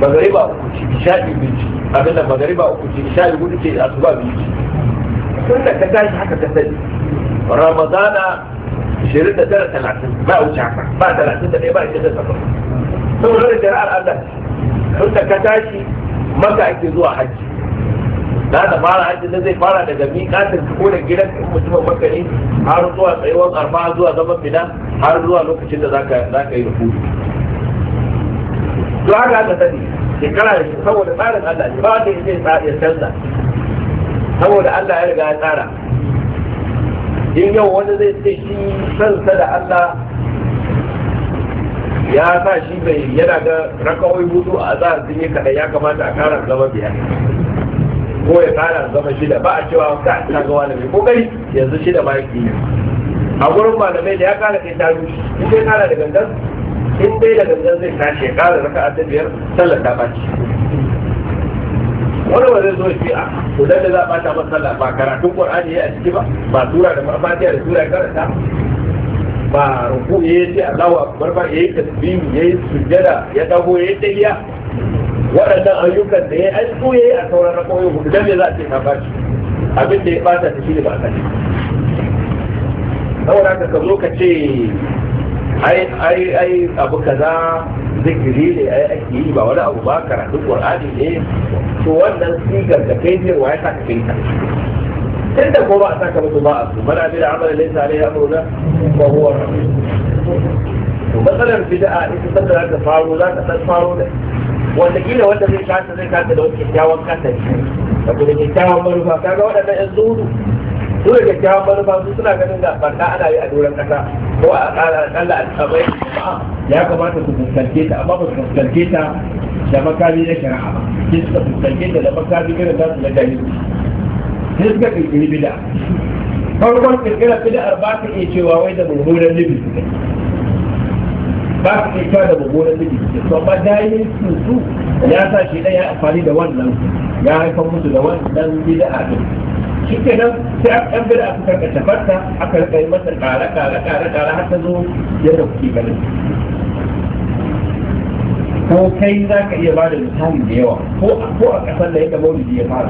magariba uku ce isha'i biyu ce abinda magariba uku ce isha'i hudu ce asuba biyu ce tun da ka tashi haka ka sani ramadana 29 30 ba wuce haka ba 31 ba 28 saboda da shari'ar Allah tunda ka tashi maka ake zuwa hajji za ta fara hajji na zai fara daga miƙatin ko da gidan in mutumin maka ne har zuwa tsayuwar arfa zuwa zaman bina har zuwa lokacin da za ka yi rufu to haka aka sani shekara da shi saboda tsarin Allah ne ba wanda ya zai ya canza saboda Allah ya riga ya tsara in yau wani zai ce shi sansa da Allah ya sa shi bai yana ga rakawai hudu a za sun yi kaɗai ya kamata a kara zama biyar ko ya kara zama shida ba a cewa ka ta ga wani mai kokari yanzu shida ma yake yi a gurin malamai da ya kara kai taru in dai kara da gangan in dai da gangan zai tashi ya kara raka a biyar sallar ta ɓaci wani ba zai zo shi a kudan da za a bata masa sallah ba karatun qur'ani ya a ciki ba ba tura da fatiha da tura karanta ba ruku ya yi Allahu akbar ba yayi ya yi sujjada ya dago yi tahiya waɗannan ayyukan da ya an so yayi a sauran rakoyi hudu dan me za a ce ka bashi abin da ya bata ta ne ba a sani saboda haka ka zo ka ce ai ai ai abu kaza zikiri ne ai ake yi ba wani abu ba karatun qur'ani ne to wannan sigar da kai ne wa ya sa ka kai ta إلا الموضوع أتاك بتضاعف من عمل عملا ليس عليه أمرنا فهو رحيم مثلا بدعة إذا تبدأ عند فارولة تتفارولة wataƙila wanda zai kasa zai kasa da wani kyakkyawan kasari saboda kyakkyawan manufa kaga waɗannan yan zuru su da kyakkyawan manufa su suna ganin da barna ana yi a doron ƙasa ko a ƙalla a tsabai ya kamata su fuskance ta amma ba su fuskance ta da makami na shari'a ba sai suka fuskance ta da makami irin nasu na jahilci sai suka kirkiri farkon kirkirar bida'ar iya cewa da mummunan nufi ba su da mummunan da wannan ya haifar da wannan bida'a shi ke nan sai ɗan bida'a masa ƙara ƙara ƙara ƙara har ta zo yadda kuke ganin ko kai za ka iya ba da misali da yawa ko a ƙasar da yadda maulidi ya fara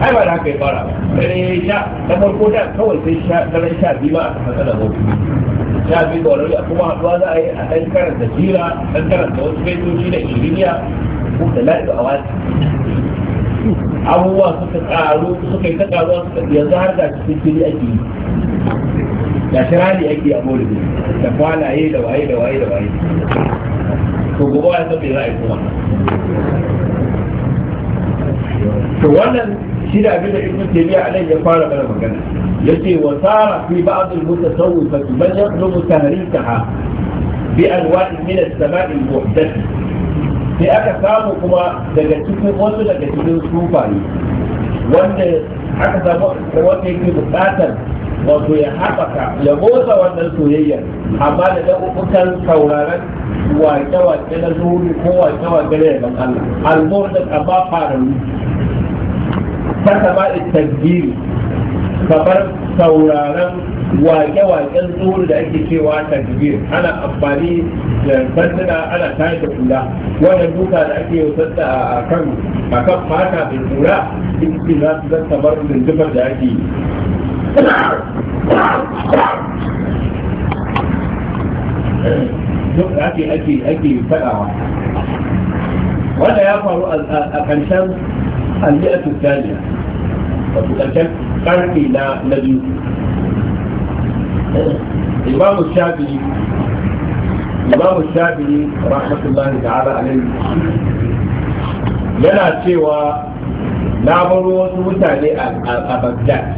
ai ba da haka ya fara dare ya sha da farko da kawai sai sha daren sha biyu ba a haka da gobe sha biyu da wani kuma haɗuwa za a yi a ɗan karanta jira ɗan karanta wasu gaitoci da injiniya ko da la'ibu a wata abubuwa suka ƙaru suka yi ta ƙaruwa suka yanzu har da cikin jiri ake yi da shirani ake a maulidi da kwalaye da waye da waye da waye to gobe ya san me za a yi kuma to wannan shi da abin da ibn taymiya alai ya fara mana magana yace wa sara fi ba'd al mutasawwifa man yaqlubu tahrikaha bi anwa'in min as-sama'i al-muhdath sai aka samu kuma daga cikin wasu daga cikin sufaye wanda aka samu wanda yake bukatar wato ya haɓaka ya motsa wannan soyayyar amma da ɗaukukan sauraron wake-wake na zuri ko wake-wake na yaban Allah al-murdat amma fararru كسماء التسجيل kamar sauraron wake-waken tsohon da ake cewa takbir ana amfani da sanduna ana tayar da kula wannan duka da ake yau a kan a kan fata mai kura in ce za su zan kamar rinjifar da ake yi duk da ake ake ake fadawa wanda ya faru a ƙarshen المئة الثانية وتتكلم نبي الإمام الشافعي الإمام الشافعي رحمة الله تعالى عليه yana cewa na baro wasu mutane a Bagdad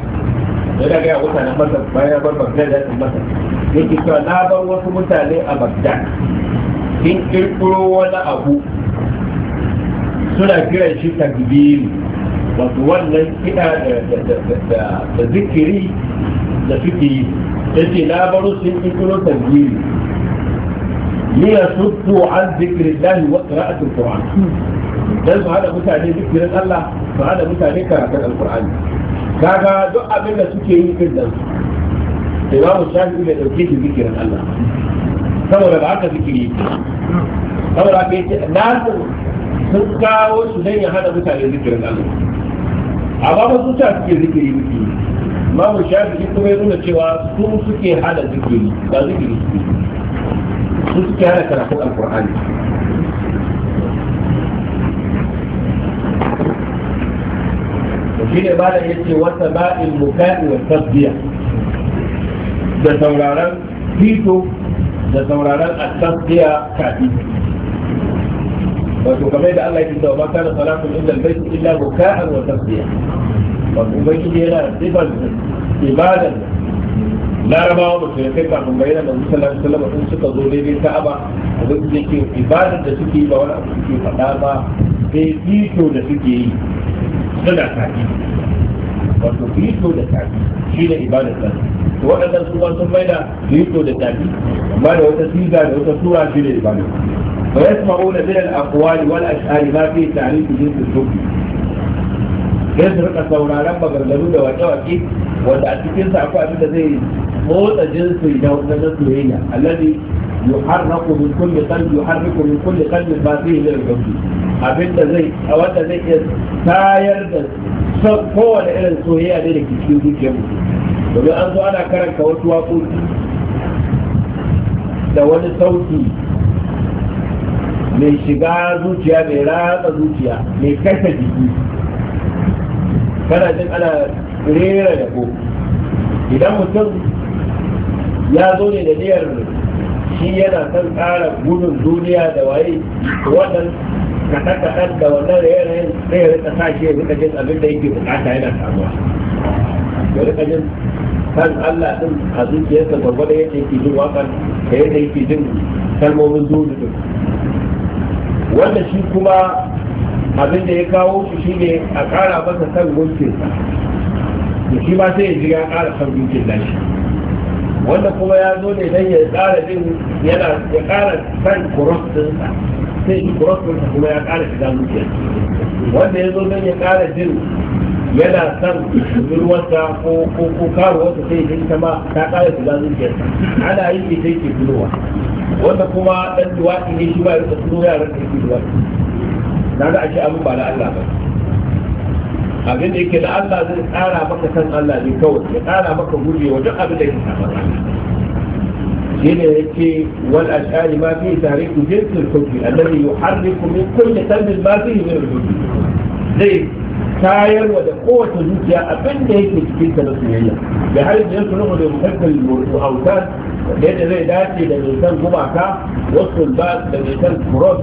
sai daga ya mutanen Masar bayan bar Baghdad da su Masar cewa na bar wasu mutane a Baghdad sun kirkiro wani abu suna kiran shi takbiri wato wannan kiɗa da zikiri da suke yi ta ce na baro sun kiro takbiri liya suttu an zikirin lahi wa qira'atul qur'an dan su hada mutane zikirin Allah su hada mutane karatun alqur'ani kaga duk abin da suke yi din da su imamu shafi'i da dauke shi zikirin Allah saboda ba haka zikiri saboda ka yace nasu sun kawo su don ya hada mutane zikirin Allah amma babu su ta suke zikiri mamu shafi shafi'i kuma ya nuna cewa su suke hada zikiri ba zikiri suke su suke hada karatun alqur'ani shi ne ba da ya ce wata ba'in mukaɗi wa tasbiya da sauraron fito da sauraron a tasbiya kafin وكمان قال لك انه ما كان صلاه الا البيت الا بكاء وتسبيح فالبيت دي انا تفضل عباده لا ربا وفي الحقيقه من بين النبي صلى الله عليه وسلم ان سكت دولي بين كعبه وبين كي عباده تسكي بولا في فدابا في بيتو تسكي صدع تاكي وفي بيتو تاكي شيل عباده تاكي وقت الصور ثم بين بيتو تاكي ما لو تسيزا لو تسورا شيل عباده ويسمعوا من الأقوال والأشعار ما فيه تعريف جنس الحكم كيف رقا سونا لما قرلوا دوا توكي ودعتي كنت أقوى أبدا زي موت جنس جنس جنس هنا الذي يحرق من كل قلب يحرق من كل قلب باطيه للحكم أبدا زي أودا زي ساير بس سقوة إلى السوهية ذلك الشيوخي كيبو ولأنه أنا كرنك وتوافوتي da wani sauti mai shiga zuciya mai ratsa zuciya mai karta jiki kana jin ana rera da ko idan mutum ya zo ne da niyyar shi yana son kara gudun duniya da waye wannan kaɗan-kaɗan da wannan rayayen zai rika sa shi ya rika jin abin da yake bukata yana samuwa ya rika jin san Allah din a zuciyarsa gwargwadon yadda yake jin waƙar da yadda yake jin kalmomin zuwa wanda shi kuma abin da ya kawo shi shine a ƙara masa kan gunkinsa da shi ma sai ya ji ya ƙara san gunkin nashi wanda kuma ya zo ne don ya ƙara jin yana ya ƙara san kuros sa sai shi kuros kuma ya ƙara shiga zuciyarsa wanda ya zo don ya ƙara jin yana san budurwarsa ko ko ko karuwarsa sai ta ita ma ta ƙara shiga zuciyarsa ana yi ita yake tunowa wanda kuma dan duwaki ne shi ba ya tuno yaran da yake duwaki kaga ashe abin ba na Allah ba abin da yake da Allah zai tsara maka san Allah ne kawai ya tsara maka gujewa duk abin da yake saba shine yake wal ashari ma fi tariku jinsul hukmi alladhi yuharriku min kulli qalbin ma fihi min al-hukmi zai tayarwa da kowace zuciya abin da yake cikin ta na soyayya da har da yake rubuta muhabbal mu'autan da yadda zai dace da mai san gumaka wasu ba da mai san cross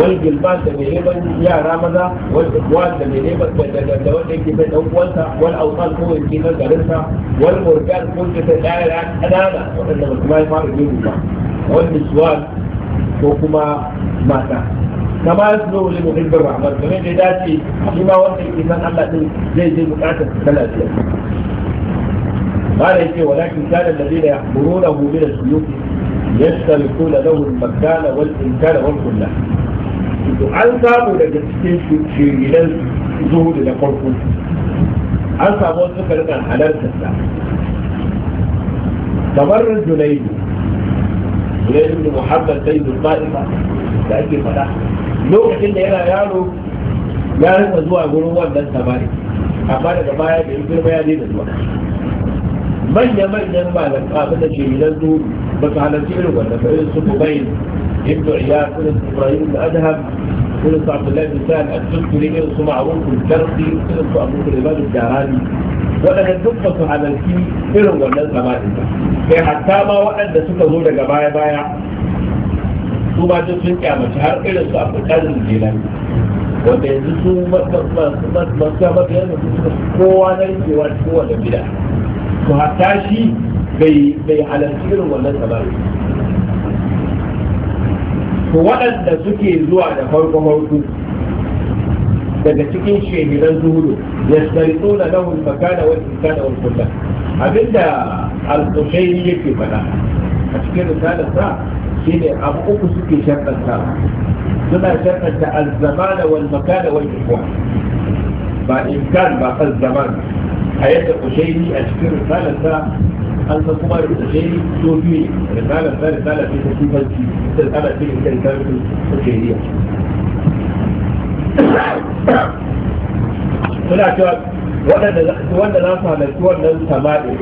wal gilban da mai ban yara maza wal ikwan da mai ban da wanda yake bai dan uwansa wal autan ko yake nan garinsa wal murgan ko yake sai yara kanana wanda ba su mai fara yin ba wal miswan ko kuma mata kama ya zo ne mu hibba rahmat domin da dace shi ma wanda yake san Allah din zai je bukatar ta lafiya قال يكي ولكن كان الذين يحضرونه من السيوف يستلقون له المكان والإمكان والكلة an samu daga cikin shirinan zuhudu na farko an samu wasu suka rika halartar sa kamar junaidu junaidu da muhammad sai da ta'ifa da ake fada lokacin da yana yaro ya rinka zuwa gurin wannan samari amma daga baya da girma ya daina zuwa manya-manyan malam kafin da ke gidan zuwa ba su halarci irin wannan ba yin su yin ibnu iyas irin su ibrahim da adham irin su abdullahi bin sa'ad cikin turi irin su ma'ruf al-jarqi irin su abu kulaiman al-jarani waɗanda duk ba su halarci irin wannan samari ba sai hatta ma waɗanda suka zo daga baya-baya su ba duk sun kyamaci har irin su abdulkadir jilani wanda yanzu su masu mabiyan da suka kowa na rikewa cikin wanda gida su hata shi bai halarci irin wannan tsabari su waɗanda suke zuwa da farko farko daga cikin shehiran zuhudu ya tsona na lahun makana wani da wani kullum abinda al-kushairi yake fada a cikin risalarsa shi ne abu uku suke shaɗanta suna shaɗanta al-zamana wal makana wal ikwa ba imkan ba al-zaman a yadda kushaini a cikin risalarsa an san kuma da kushaini so biyu risalarsa risalar ce ta sifanci ta risalar ce ta risalar kushainiya suna cewa wanda za su halarci wannan sama'i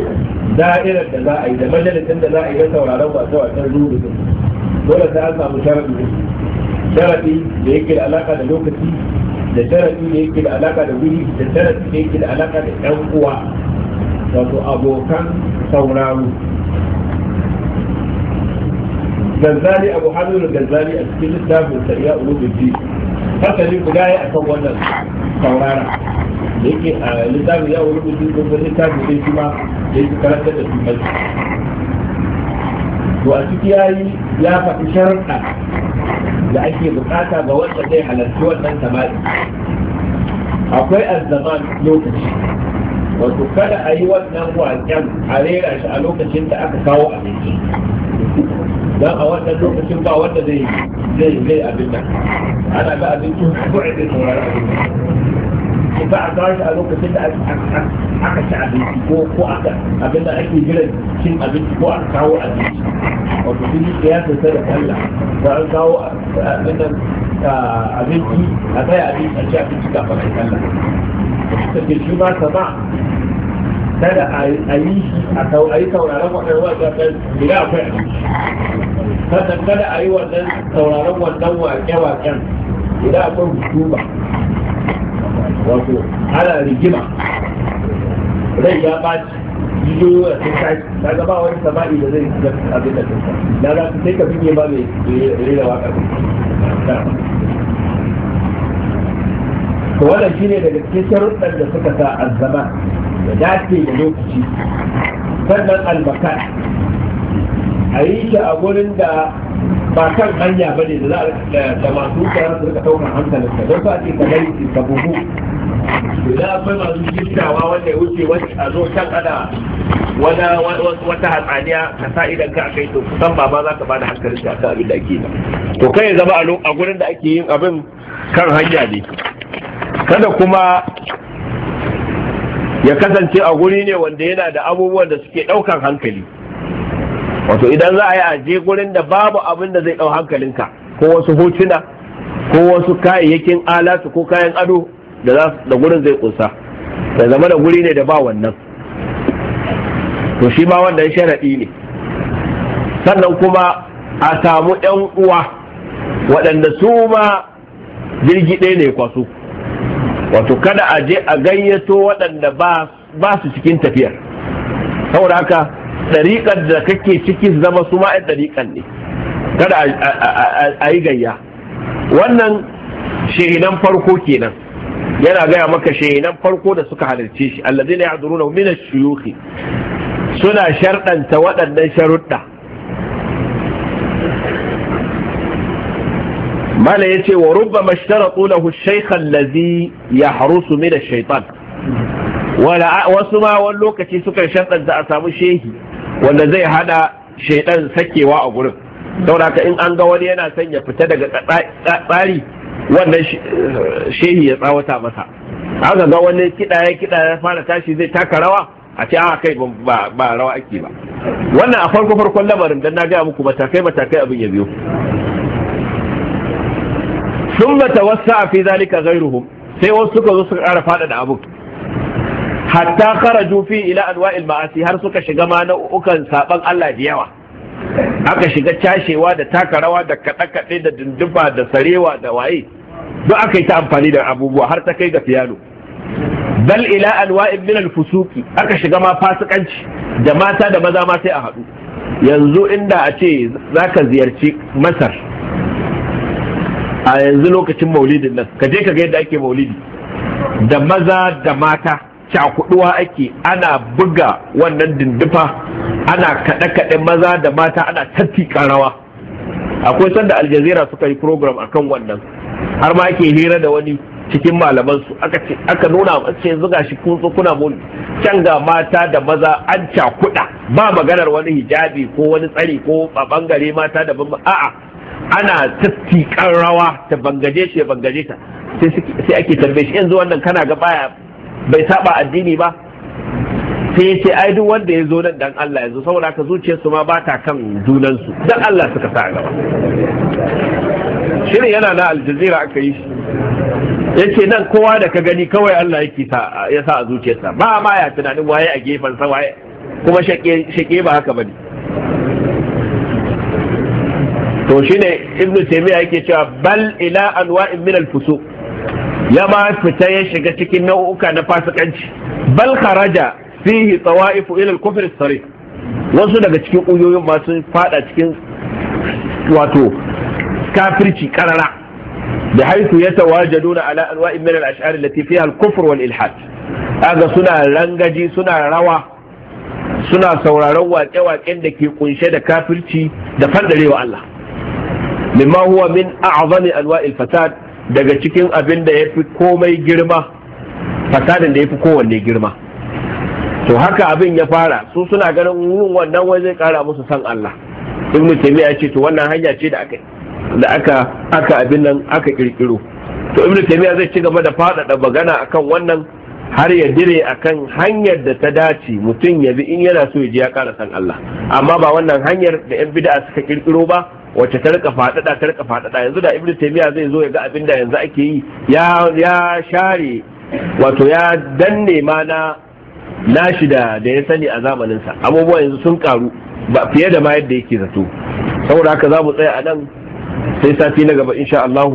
da'irar da za a yi da majalisin da za a yi na sauraron wasu zuwa dole sai an samu sharaɗi sharaɗi da yake da alaka da lokaci da sharaɗi da yake da alaka da wuri da sharaɗi da yake da alaka da ƴan uwa wato abokan sauraro gazzali abu hamidu gazzali a cikin littafin sariya ulubin ji haka ne guda ya akan wannan sauraron. da yake a littafin yawon rubutu dogon littafin ne shi ma da yake karantar da su mai to a ciki ya yi ya faɗi sharuɗa da ake bukata ga wanda zai halarci wannan samari akwai azzaman lokaci wato kada a yi wannan waƙen a rera shi a lokacin da aka kawo abinci don a wannan lokacin ba wanda zai zai abin nan ana ga abinci ko a zai saurari abin nan ba a kawo shi a lokacin da aka ci abinci ko ko aka abin da ake jiran cin abinci ko aka kawo abinci wato sun yi kiyasa ta da Allah ba an kawo abin da abinci a tsaya abinci a ci abinci kafin a yi Allah ta ce shi ba ta ba kada a yi a yi sauraron wannan wajen idan akwai abinci sannan kada a yi wannan sauraron wannan waƙe-waƙen idan akwai hukuma wato ana rigima rai ya ɓaci jijiyoyi a cikin kai ta gaba wani sama'i da zai ga abin da kansa na za su sai ka fiye ba mai rera waƙa to wannan shine daga cikin sharuɗɗar da suka sa azzama da dace da lokaci sannan albakar a yi shi a gurin da ba kan hanya ba ne da za da masu tsara su rika ɗaukar hankalin ka don ba ce ka laifi ka bugu idan akwai masu gittawa wanda ya wuce wani a zo can ana wata hatsaniya ka sa idan ka kai to kusan ba ba za ka bada hankalin ka kan abin da ake yi to kai ya zama a gurin da ake yin abin kan hanya ne kada kuma ya kasance a guri ne wanda yana da abubuwan da suke daukan hankali wato idan za a yi aje gurin da babu abin da zai ɗau hankalinka ko wasu hotuna ko wasu kayayyakin alatu ko kayan ado da da gurin zai kusa da zama da guri ne da ba wannan to shi ma wannan sharaɗi ne sannan kuma a samu 'yan uwa waɗanda su ma jirgi ne kwasu wato kada a je a gayyato waɗanda ba su cikin tafiyar saboda haka ɗariƙar da kake ciki zama su ma'a ɗariƙar ne kada a yi gayya wannan shehinan farko kenan yana gaya maka shehinan farko da suka halarci shi allazi ne ya'duruna min ash suna sharɗanta waɗannan sharuɗa mala ce wa rubbama ishtaratu lahu ash-shaykh allazi yahrusu min ash wasu ma wani lokaci suka sharɗanta a samu shehi wanda zai hada shaidan sakewa a gurin saboda in an ga wani yana son ya fita daga tsari wannan shehi ya tsawata masa aka ga wani kiɗa ya kiɗa ya fara tashi zai taka rawa a ce a ah, kai ba rawa ake ba wannan a farko farkon lamarin dan na gaya muku matakai matakai abin ya biyo sun mata wasu a fi zalika gairuhum sai wasu suka zo suka ƙara faɗaɗa abu hatta kharaju fi ila anwa'il ma'asi har suka shiga ma nau'ukan saban Allah da yawa aka shiga cashewa da taka rawa da kaɗe-kaɗe da dinduba da sarewa da waye duk aka yi ta amfani da abubuwa har ta kai ga fiyano bal ila anwa'in min al-fusuki aka shiga ma fasikanci da mata da maza ma sai a haɗu yanzu inda a ce zaka ziyarci masar a yanzu lokacin maulidin nan ka je ka ga yadda ake maulidi da maza da mata cakuduwa ake ana buga wannan dindufa ana kaɗe-kaɗe maza da mata ana tafi rawa akwai sanda Aljazeera suka yi program akan wannan har ma ake hira da wani cikin malamansu, aka nuna a nuna ce zuga shi kun kuna mun can ga mata da maza an cakuda ba maganar wani hijabi ko wani tsari ko a bangare mata da a'a ana tattikan rawa ta bangaje shi ya bangaje ta sai ake tambaye shi yanzu wannan kana ga baya bai saba addini ba sai ya ce ai duk wanda ya zo nan dan Allah ya saboda ka zuciyarsu ma ba ta kan junansu dan Allah suka sa gaba shirin yana na aljazira aka yi Ya ce nan kowa da ka gani kawai Allah yake sa ya sa a zuciyarsa ba ma ya tunanin waye a gefen sa waye kuma shake ba haka bane to shine ibnu taymiya yake cewa bal ila anwa'in min al-fusuq ya ma fita ya shiga cikin nau'uka na fasikanci bal kharaja fihi tawaifu ila al-kufr sarih wasu daga cikin ƙungiyoyin masu faɗa fada cikin wato kafirci karara da haitu ya tawajaduna ala anwa'in min al-ash'ar allati fiha al-kufr wal ilhad aga suna rangaji suna rawa suna sauraron waƙe-waƙen da ke kunshe da kafirci da fandarewa Allah mimma huwa min a'zami anwa'il fasad daga cikin abin da ya fi komai girma fasadin da ya fi kowanne girma to haka abin ya fara su suna ganin yin wannan wai zai kara musu san Allah ibnu taymiya ya ce to wannan hanya ce da aka da aka aka abin nan aka kirkiro to ibnu taymiya zai ci gaba da faɗaɗa magana akan wannan har ya dire akan hanyar da ta dace mutum ya bi in yana so ya ji ya kara san Allah amma ba wannan hanyar da yan bid'a suka kirkiro ba wacce ta rika faɗaɗa ta rika faɗaɗa yanzu da ibnu taymiya zai zo ya ga abin da yanzu ake yi ya share wato ya danne ma na nashi da da ya sani a zamanin sa abubuwa yanzu sun karu ba fiye da ma yadda yake zato saboda haka za mu tsaya a nan sai sati na gaba insha Allah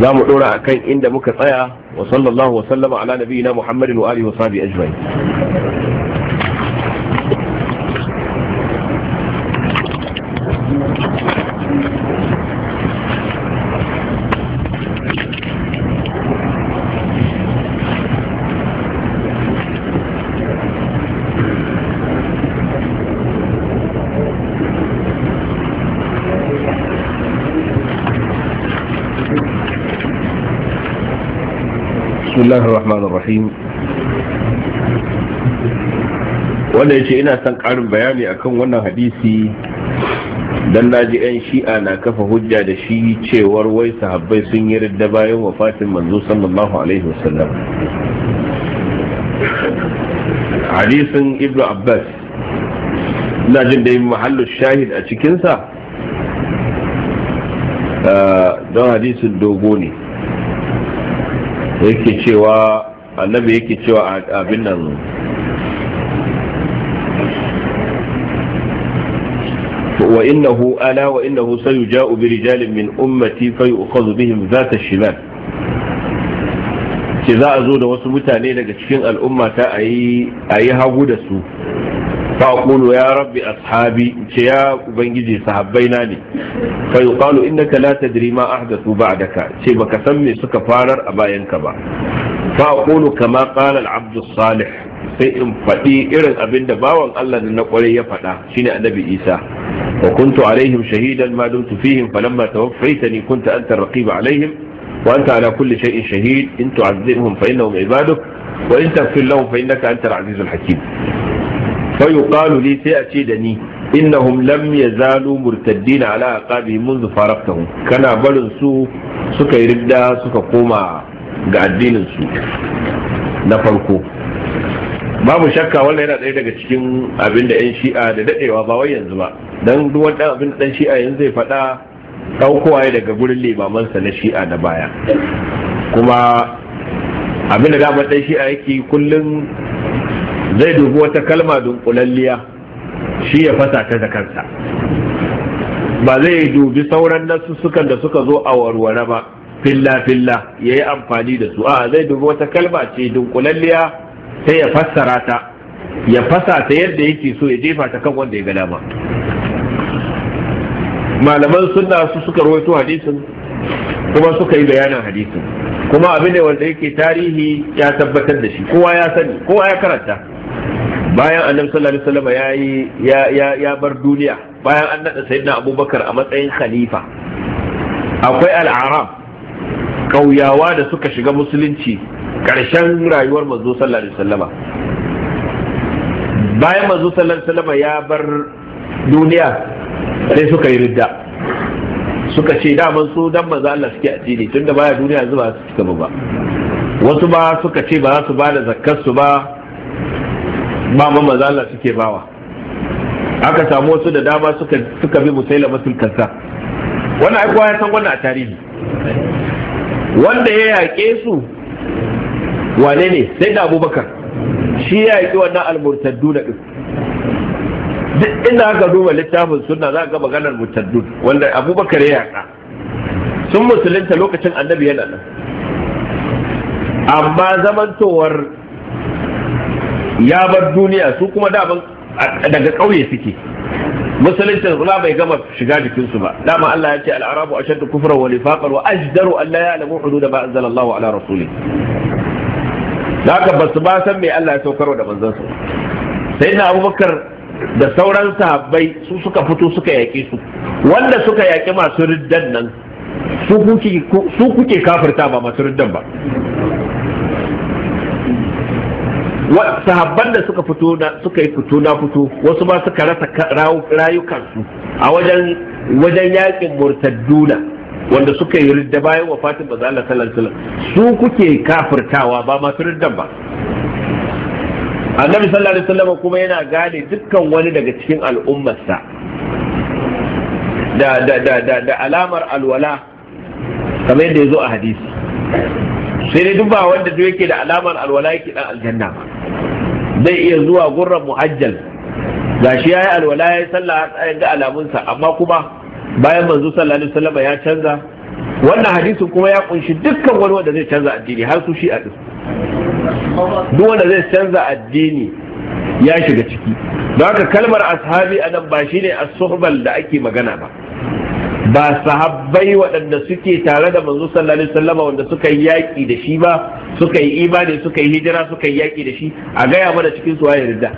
za mu dora akan inda muka tsaya wa sallallahu wa sallama ala nabiyina Muhammadin wa alihi wa sahbihi ajma'in الله الرحمن الرحيم wanda ya ce ina son ƙarin bayani akan wannan hadisi don na ji 'yan shi'a na kafa hujja da shi cewar wai sahabbai sun yi ridda bayan wafatin manzo sallallahu alaihi wasallam hadisin ibnu abbas ina jin da mahallu shahid a cikinsa ah, don hadisin dogo ne yake cewa annabi yake cewa abin nan wa innahu ala wa innahu sayuja'u bi rijalin min ummati fa yu'khadhu bihim zata shimal Ke za a zo da wasu mutane daga cikin al'umma ta ayi ayi hagu da su فأقول يا رب أصحابي يا أبنجي صحابيناني فيقال إنك لا تدري ما أحدث بعدك شيء بكسمي سكفارر أبا ينكبا فأقول كما قال العبد الصالح sai in faɗi irin abin da bawan Allah da na ƙwarai ya faɗa shine annabi Isa wa kuntu alaihim shahidan ma dumtu fihim falamma tawaffaytani kunta anta raqiba alaihim وأنت على كل شيء شهيد إن تعذبهم فإنهم عبادك وإن تغفر لهم فإنك أنت العزيز الحكيم fa yuqalu li sai a ce da ni innahum lam yazalu murtaddina ala aqabi منذ mu. kana barin su suka yi ridda suka koma ga addinin su na farko babu shakka wannan yana ɗaya daga cikin abin da 'yan shi'a da daɗewa ba wai yanzu ba Dan duwan ɗan abin ɗan shi'a yanzu zai faɗa ɗaukowa ya daga gurin limamansa na shi'a da baya kuma abin da damar ɗan shi'a yake kullum zai dubi wata kalma dunkulalliya shi ya fasa ta da kansa ba zai dubi sauran nasu sukan da suka zo a warware ba filla filla ya yi amfani da su a zai dubi wata kalma ce dunkulalliya sai ya fassara ta ya fasa ta yadda yake so ya jefa ta kan wanda ya ga dama malaman sunna su suka rawaito hadisin kuma suka yi bayanin hadisin kuma abin da wanda yake tarihi ya tabbatar da shi kowa ya sani kowa ya karanta bayan annabi sallallahu alaihi wasallam ya yi ya bar duniya bayan an nada sayyidina abubakar a matsayin khalifa akwai al'arab kauyawa da suka shiga musulunci karshen rayuwar manzo sallallahu alaihi wasallama bayan manzo sallallahu alaihi wasallama ya bar duniya sai suka yi ridda suka ce daman su dan manzo Allah suke cikin tunda baya duniya yanzu ba su cika ba wasu ba suka ce ba za su ba da zakkar su ba ba ma maza suke bawa aka samu wasu da dama suka bi musaila masu kansa wannan aikuwa ya san wannan a tarihi wanda ya yaƙe su wane ne sai da abubakar shi ya yaƙi wannan almurtaddu da duk inda aka duba littafin suna za ga maganar mutaddu wanda abubakar ya yaƙa sun musulunta lokacin annabi yana nan amma zamantowar ya bar duniya su kuma daban daga ƙauye suke musulunci ba bai gama shiga jikinsu ba dama Allah ya ce al'arabu ashaddu kufra wa nifaqan wa ajdaru ya la ya'lamu da ma anzalallahu ala rasuli haka ba su ba san me Allah ya saukarwa da manzansa sai na Abubakar da sauran sahabbai su suka fito suka yaƙi su wanda suka yaƙi masu riddan nan su kuke kafirta ba masu riddan ba sahabban da suka fito da suka yi fito na fito wasu ma suka rasa rayukansu a wajen wajen yakin murtadduna wanda suka yi ridda bayan wafatin ba za sallallahu su kuke kafirtawa ba ma riddan ba annabi sallallahu alaihi wasallam kuma yana gane dukkan wani daga cikin al'ummarsa da da da da, da alamar alwala kamar yadda ya zo a hadisi sai dai duk ba wanda duk yake da alamar alwala yake dan aljanna ba zai iya zuwa gurran shi gashi yayi alwala ya yi sallah ga alamunsa amma kuma bayan manzo sallallahu alaihi wasallam ya canza wannan hadisin kuma ya kunshi dukkan wani wanda zai canza addini har su shi a din duk wanda zai canza addini ya shiga ciki don haka kalmar ashabi anan ba shine as-suhbal da ake magana ba ba sahabbai waɗanda suke tare da manzo sallallahu alaihi wasallam wanda suka yi yaki da shi ba suka yi imani suka yi hijira suka yi yaki da shi a gaya mana cikin su waye rida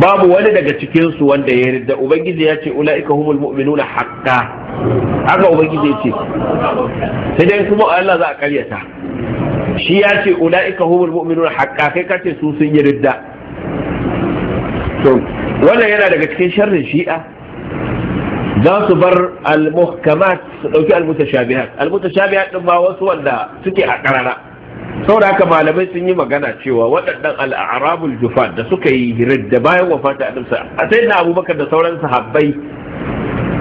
babu wani daga cikin su wanda ya rida ubangiji ya ce ulaika humul mu'minuna haqqan haka ubangiji ya ce sai dai kuma Allah za a karyata shi ya ce ulaika humul mu'minuna haqqan kai ka ce su sun yi ridda to wannan yana daga cikin sharrin shi'a za su bar al-muhkamat su dauki al-mutashabihat al-mutashabihat din ba wasu wanda suke a karara saboda haka malamai sun yi magana cewa waɗannan al-arabul jufan da suka yi hirar da bayan wafata a dinsa a sai na abubakar da sauran sahabbai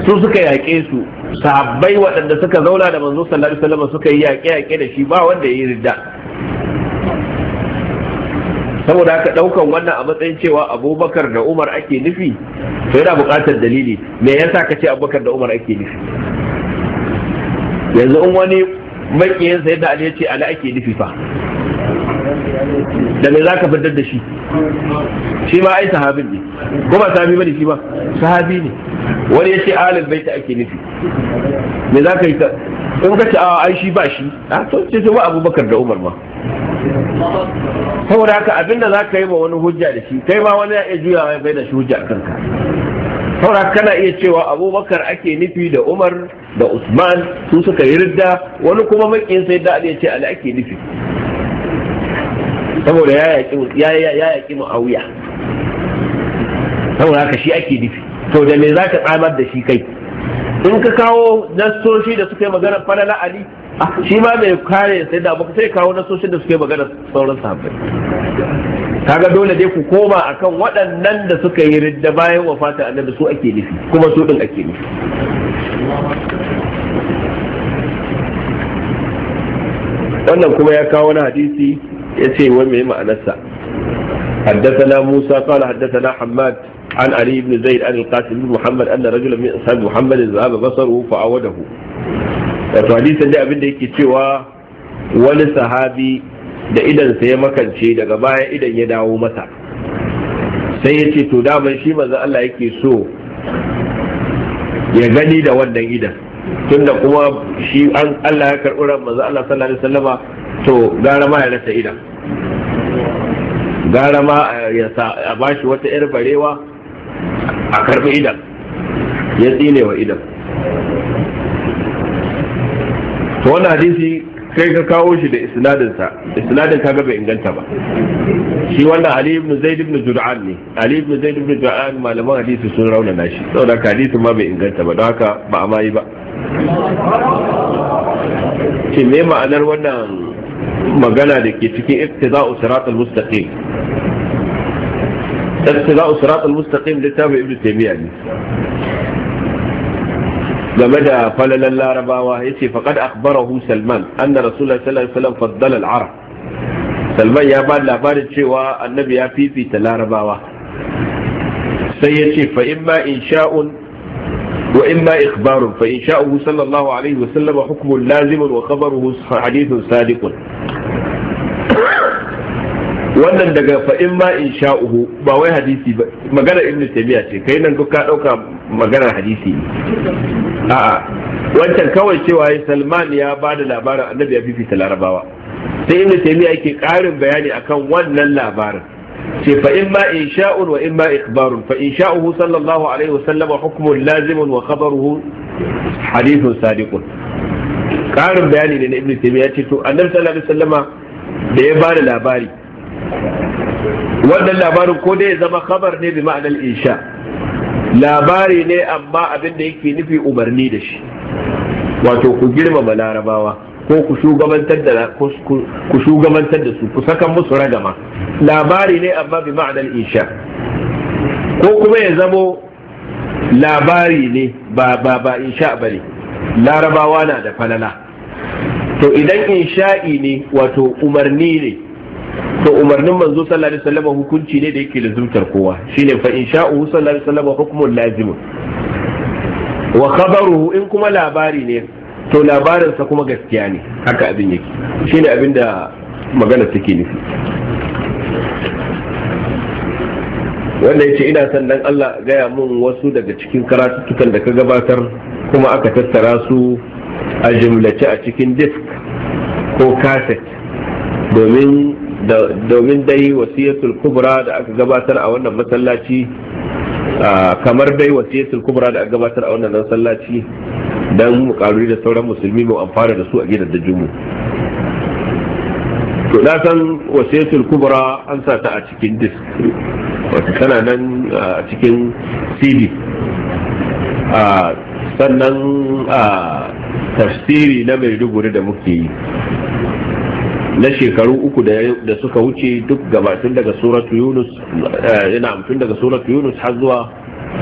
su suka yaƙe su sahabbai waɗanda suka zauna da manzo sallallahu alaihi wasallam suka yi yaƙe yaƙe da shi ba wanda ya yi ridda saboda haka daukan wannan a matsayin cewa abubakar da umar ake nufi to yana buƙatar dalili me yasa ka ce abubakar da umar ake nufi yanzu in wani makiyin sai da ali ya ce ali ake nufi fa da me zaka fitar da shi shi ma ai sahabin ne ko ba sahabi bane shi ba sahabi ne wani ya ce alal baita ake nufi me zaka yi in ka ce a ai shi ba shi a ah, to ce ba abubakar da umar ma saboda haka abinda za ka yi wa wani hujja da shi kai ma wani ya iya juyawa ya bai da shi hujja a kanka saboda kana iya cewa abubakar ake nufi da umar da usman su suka yi ridda wani kuma makin sai da ya ce ali ake nufi saboda ya yaƙi ma'auya saboda haka shi ake nufi to da me za ka tsamar da shi kai in ka kawo nassoshi da suka yi magana falala ali shi ma mai kare sai da abokan sai kawo nasoshin da suke magana sauran sahabbai kaga dole dai ku koma akan waɗannan da suka yi ridda bayan wafata annabi su ake nufi kuma su din ake nufi wannan kuma ya kawo na hadisi ya ce wai mai ma'anarsa حدثنا موسى قال حدثنا حماد عن علي بن زيد عن القاسم بن محمد ان رجلا من اصحاب محمد ذهب بصره فعوده wato hadisin dai abinda yake cewa wani sahabi da idansa ya makance daga baya idan ya dawo masa sai ya ce to daman shi manzo Allah yake so ya gani da wannan idan tunda kuma shi an Allah ya karɓi ran manzo Allah sallallahu alaihi wasallama to gara ma ya rasa idan gara ma a bashi wata yar barewa a karɓi idan ya tsine wa idan to wannan hadisi kai ka kawo shi da isnadin sa isnadin kaga bai inganta ba shi wannan ali ibn zaid ibn jur'an ne ali ibn zaid ibn jur'an malaman hadisi sun raunana shi saboda hadisi ma bai inganta ba don haka ba a mai ba shi me ma'anar wannan magana da ke cikin ittiza'u siratul mustaqim ittiza'u siratul mustaqim littafin ibn taymiyyah ne game da falalan larabawa ya ce faƙad akbarahu salman an da rasulullah sallallahu alaihi faddala al'arab salman ya ba labarin cewa annabi ya fifita larabawa sai ya ce fa imma insha'un wa imma ikhbarun fa insha'uhu sallallahu alaihi wasallam hukmun lazimun wa khabaruhu hadithun sadiqun wannan daga fa in insha'uhu ba wai hadisi ba magana ibnu taymiya ce kai nan duk dauka magana hadisi a'a wancan kawai cewa ya salman ya ba da labarin annabi ya fifita larabawa sai inda taimiyya yake ƙarin bayani akan wannan labarin ce fa in ma insha'un wa in ma ikhbarun fa insha'uhu sallallahu alaihi wa sallama hukumun lazimun wa khabaruhu hadithun sadiqun ƙarin bayani ne na taimi ya ce to annabi sallallahu alaihi sallama da ya ba da labari wannan labarin ko dai ya zama khabar ne bi ma'anar insha' labari ne amma abin da yake nufi umarni da shi wato ku girmama larabawa ko ku shugabantar da su ku saka musu ragama labari ne amma bi ma'anar insha ko kuma ya zamo labari ne ba ba ba insha bane larabawa na da falala to idan insha'i ne wato umarni ne to umarnin manzo sallallahu alaihi wasallam hukunci ne da yake lazumtar kowa shine fa in sha'u sallallahu alaihi wasallam hukmun lazim wa khabaruhu in kuma labari ne to labarinsa kuma gaskiya ne haka abin yake shine abin da magana take nufi wanda ya ce ina son dan Allah gaya mun wasu daga cikin karatuttukan da ka gabatar kuma aka tattara su a jimlace a cikin disk ko kaset domin domin dai wasiyatul kubra da aka gabatar a wannan masallaci kamar dai wasiyatul kubra da aka gabatar a wannan masallaci don karuri da sauran musulmi mu amfana da su a gidan da jumu to na san wasiyatul kubra an sa ta a cikin disk wata tana nan a cikin cd sannan tafsiri na mai rubuta da muke yi na shekaru uku da suka wuce duk gabatun daga suratu yunus yana eh, amfin daga suratu yunus har zuwa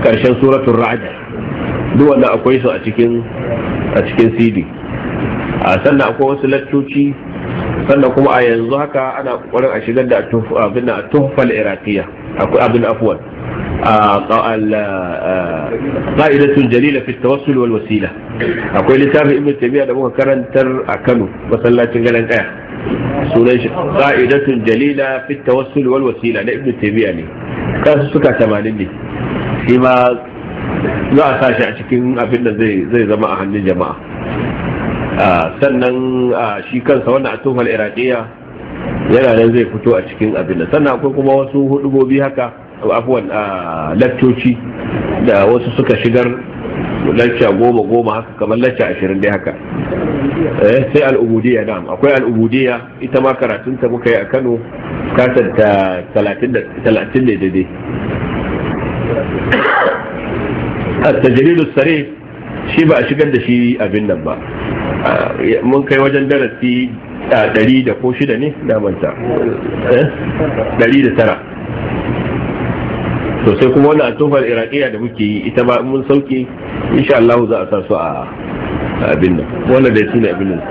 karshen suratun ra'ad duk wanda akwai su a cikin cd a ah, sannan akwai wasu laccoci sannan kuma a yanzu haka ana kokarin a shigar da abin a tuhfal iraqiya akwai abin ah, a ah, qa'idatun jalila fi tawassul wal wasila akwai littafin ibnu tabiya da muka karantar a Kano masallacin gadan kaya. sunan shi qa'idatun jalila fi tawassul wal wasila na ibnu taymiya ne kasu suka 80 ne shi ma za a sa shi a cikin abin da zai zama a hannun jama'a sannan shi kansa wannan atumar iraqiya yana nan zai fito a cikin abin da sannan akwai kuma wasu hudubobi haka afuwan lakcoci da wasu suka shigar lacca goma goma haka kamar lacca ashirin dai haka eh, sai al'ubudiyya na'am akwai al'ubudiyya ita ma karatunta muka yi a kano kasar ta talatin ne daidai tajiridu sare shi ba a shigar da shi abin nan ba ah, mun kai wajen darasi dari ah, da ko shida ne damanta Dari eh, da tara to sai kuma wannan atufar iraqiya da muke yi ita ba mun sauke insha Allah za a sa su a abin nan wannan da ne abin nan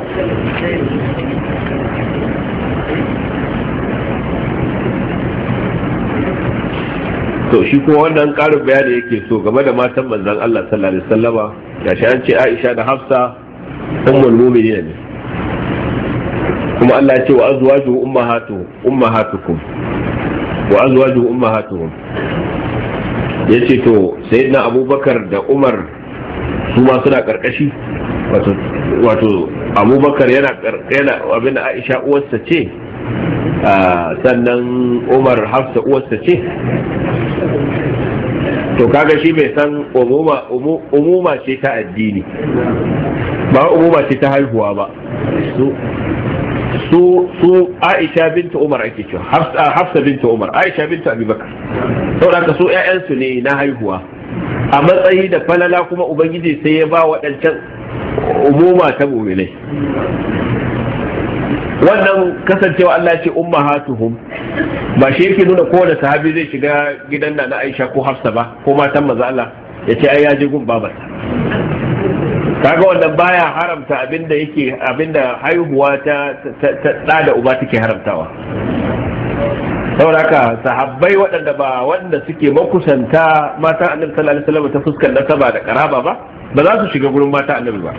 to shi kuma wannan karin bayani yake so game da matan manzon Allah sallallahu alaihi wasallama shi an ce Aisha da Hafsa ummul mu'minin ne kuma Allah ya ce wa azwaju ummahatu ummahatukum wa azwaju ummahatukum ya ce to na abubakar da umar su ma suna karkashi wato abubakar yana abin aisha uwarsa ce sannan umar hafsa uwarsa ce to kaga shi bai san umuma ce ta addini ba umuma ce ta haihuwa ba su aisha binta umar ake cewa hafsa binta umar aisha binta abubakar saboda su ƴaƴansu ne na haihuwa a matsayi da falala kuma ubangiji sai ya ba waɗancan umuma ta muminai wannan kasancewa Allah ce ummahatuhum ba shi yake nuna kowane sahabi zai shiga gidan na na Aisha ko Hafsa ba ko matan maza Allah ya ce ai ya je gun kaga wannan baya haramta abinda yake abinda haihuwa ta ta da uba take haramtawa saboda haka sahabbai waɗanda ba waɗanda suke makusanta mata annabi sallallahu alaihi wasallam ta fuskar nasaba da karaba ba ba za su shiga gurin mata annabi ba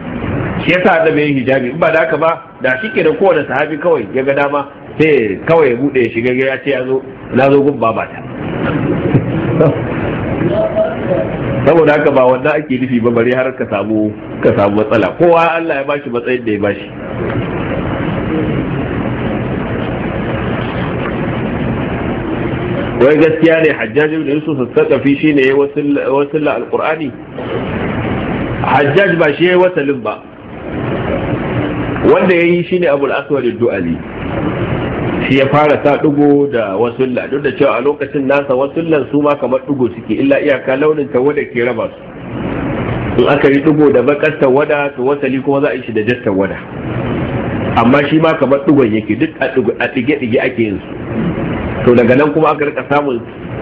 shi yasa annabi yayin hijabi in ba da haka ba da shi ke da kowane sahabi kawai ya ga dama sai kawai ya bude ya shiga ya ce ya zo na zo gun babata saboda haka ba wanda ake nufi ba bari har ka samu ka samu matsala kowa Allah ya bashi matsayin da ya bashi wai gaskiya ne hajjaj ibn yusuf sassaƙafi shi ne wasilla alqurani hajjaj ba shi ya wasalin ba wanda yayi yi abul aswad du'ali shi ya fara sa dugo da wasilla duk da cewa a lokacin nasa wasillan su ma kamar dugo suke illa iyaka launin tawada ke raba su in aka yi ɗigo da bakar wada to wasali kuma za a yi shi da jar wada. amma shi ma kamar ɗigon yake duk a ɗige-ɗige ake yin su to daga nan kuma aka rika samun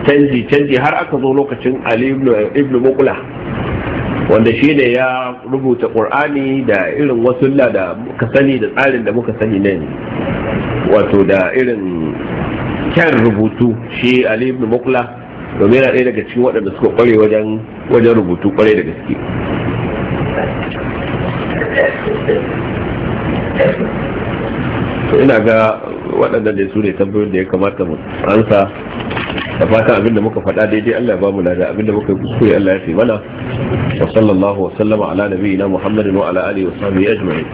canji canji har aka zo lokacin ali ibn mukula wanda shi ne ya rubuta ƙur'ani da irin wasulla da muka sani da tsarin da muka sani ne wato da irin kyan rubutu shi ali ibn mukula domin yana ɗaya daga cikin waɗanda suka kware wajen wajen rubutu ƙware da gaske ina ga waɗannan ne su ne tambayoyin da ya kamata mu ansa da fatan abinda muka faɗa daidai Allah ya ba mu lada abinda muka yi kuskure Allah ya fi mana wa sallallahu wa sallama ala nabiyina Muhammadin wa ala alihi wa sahbihi ajma'in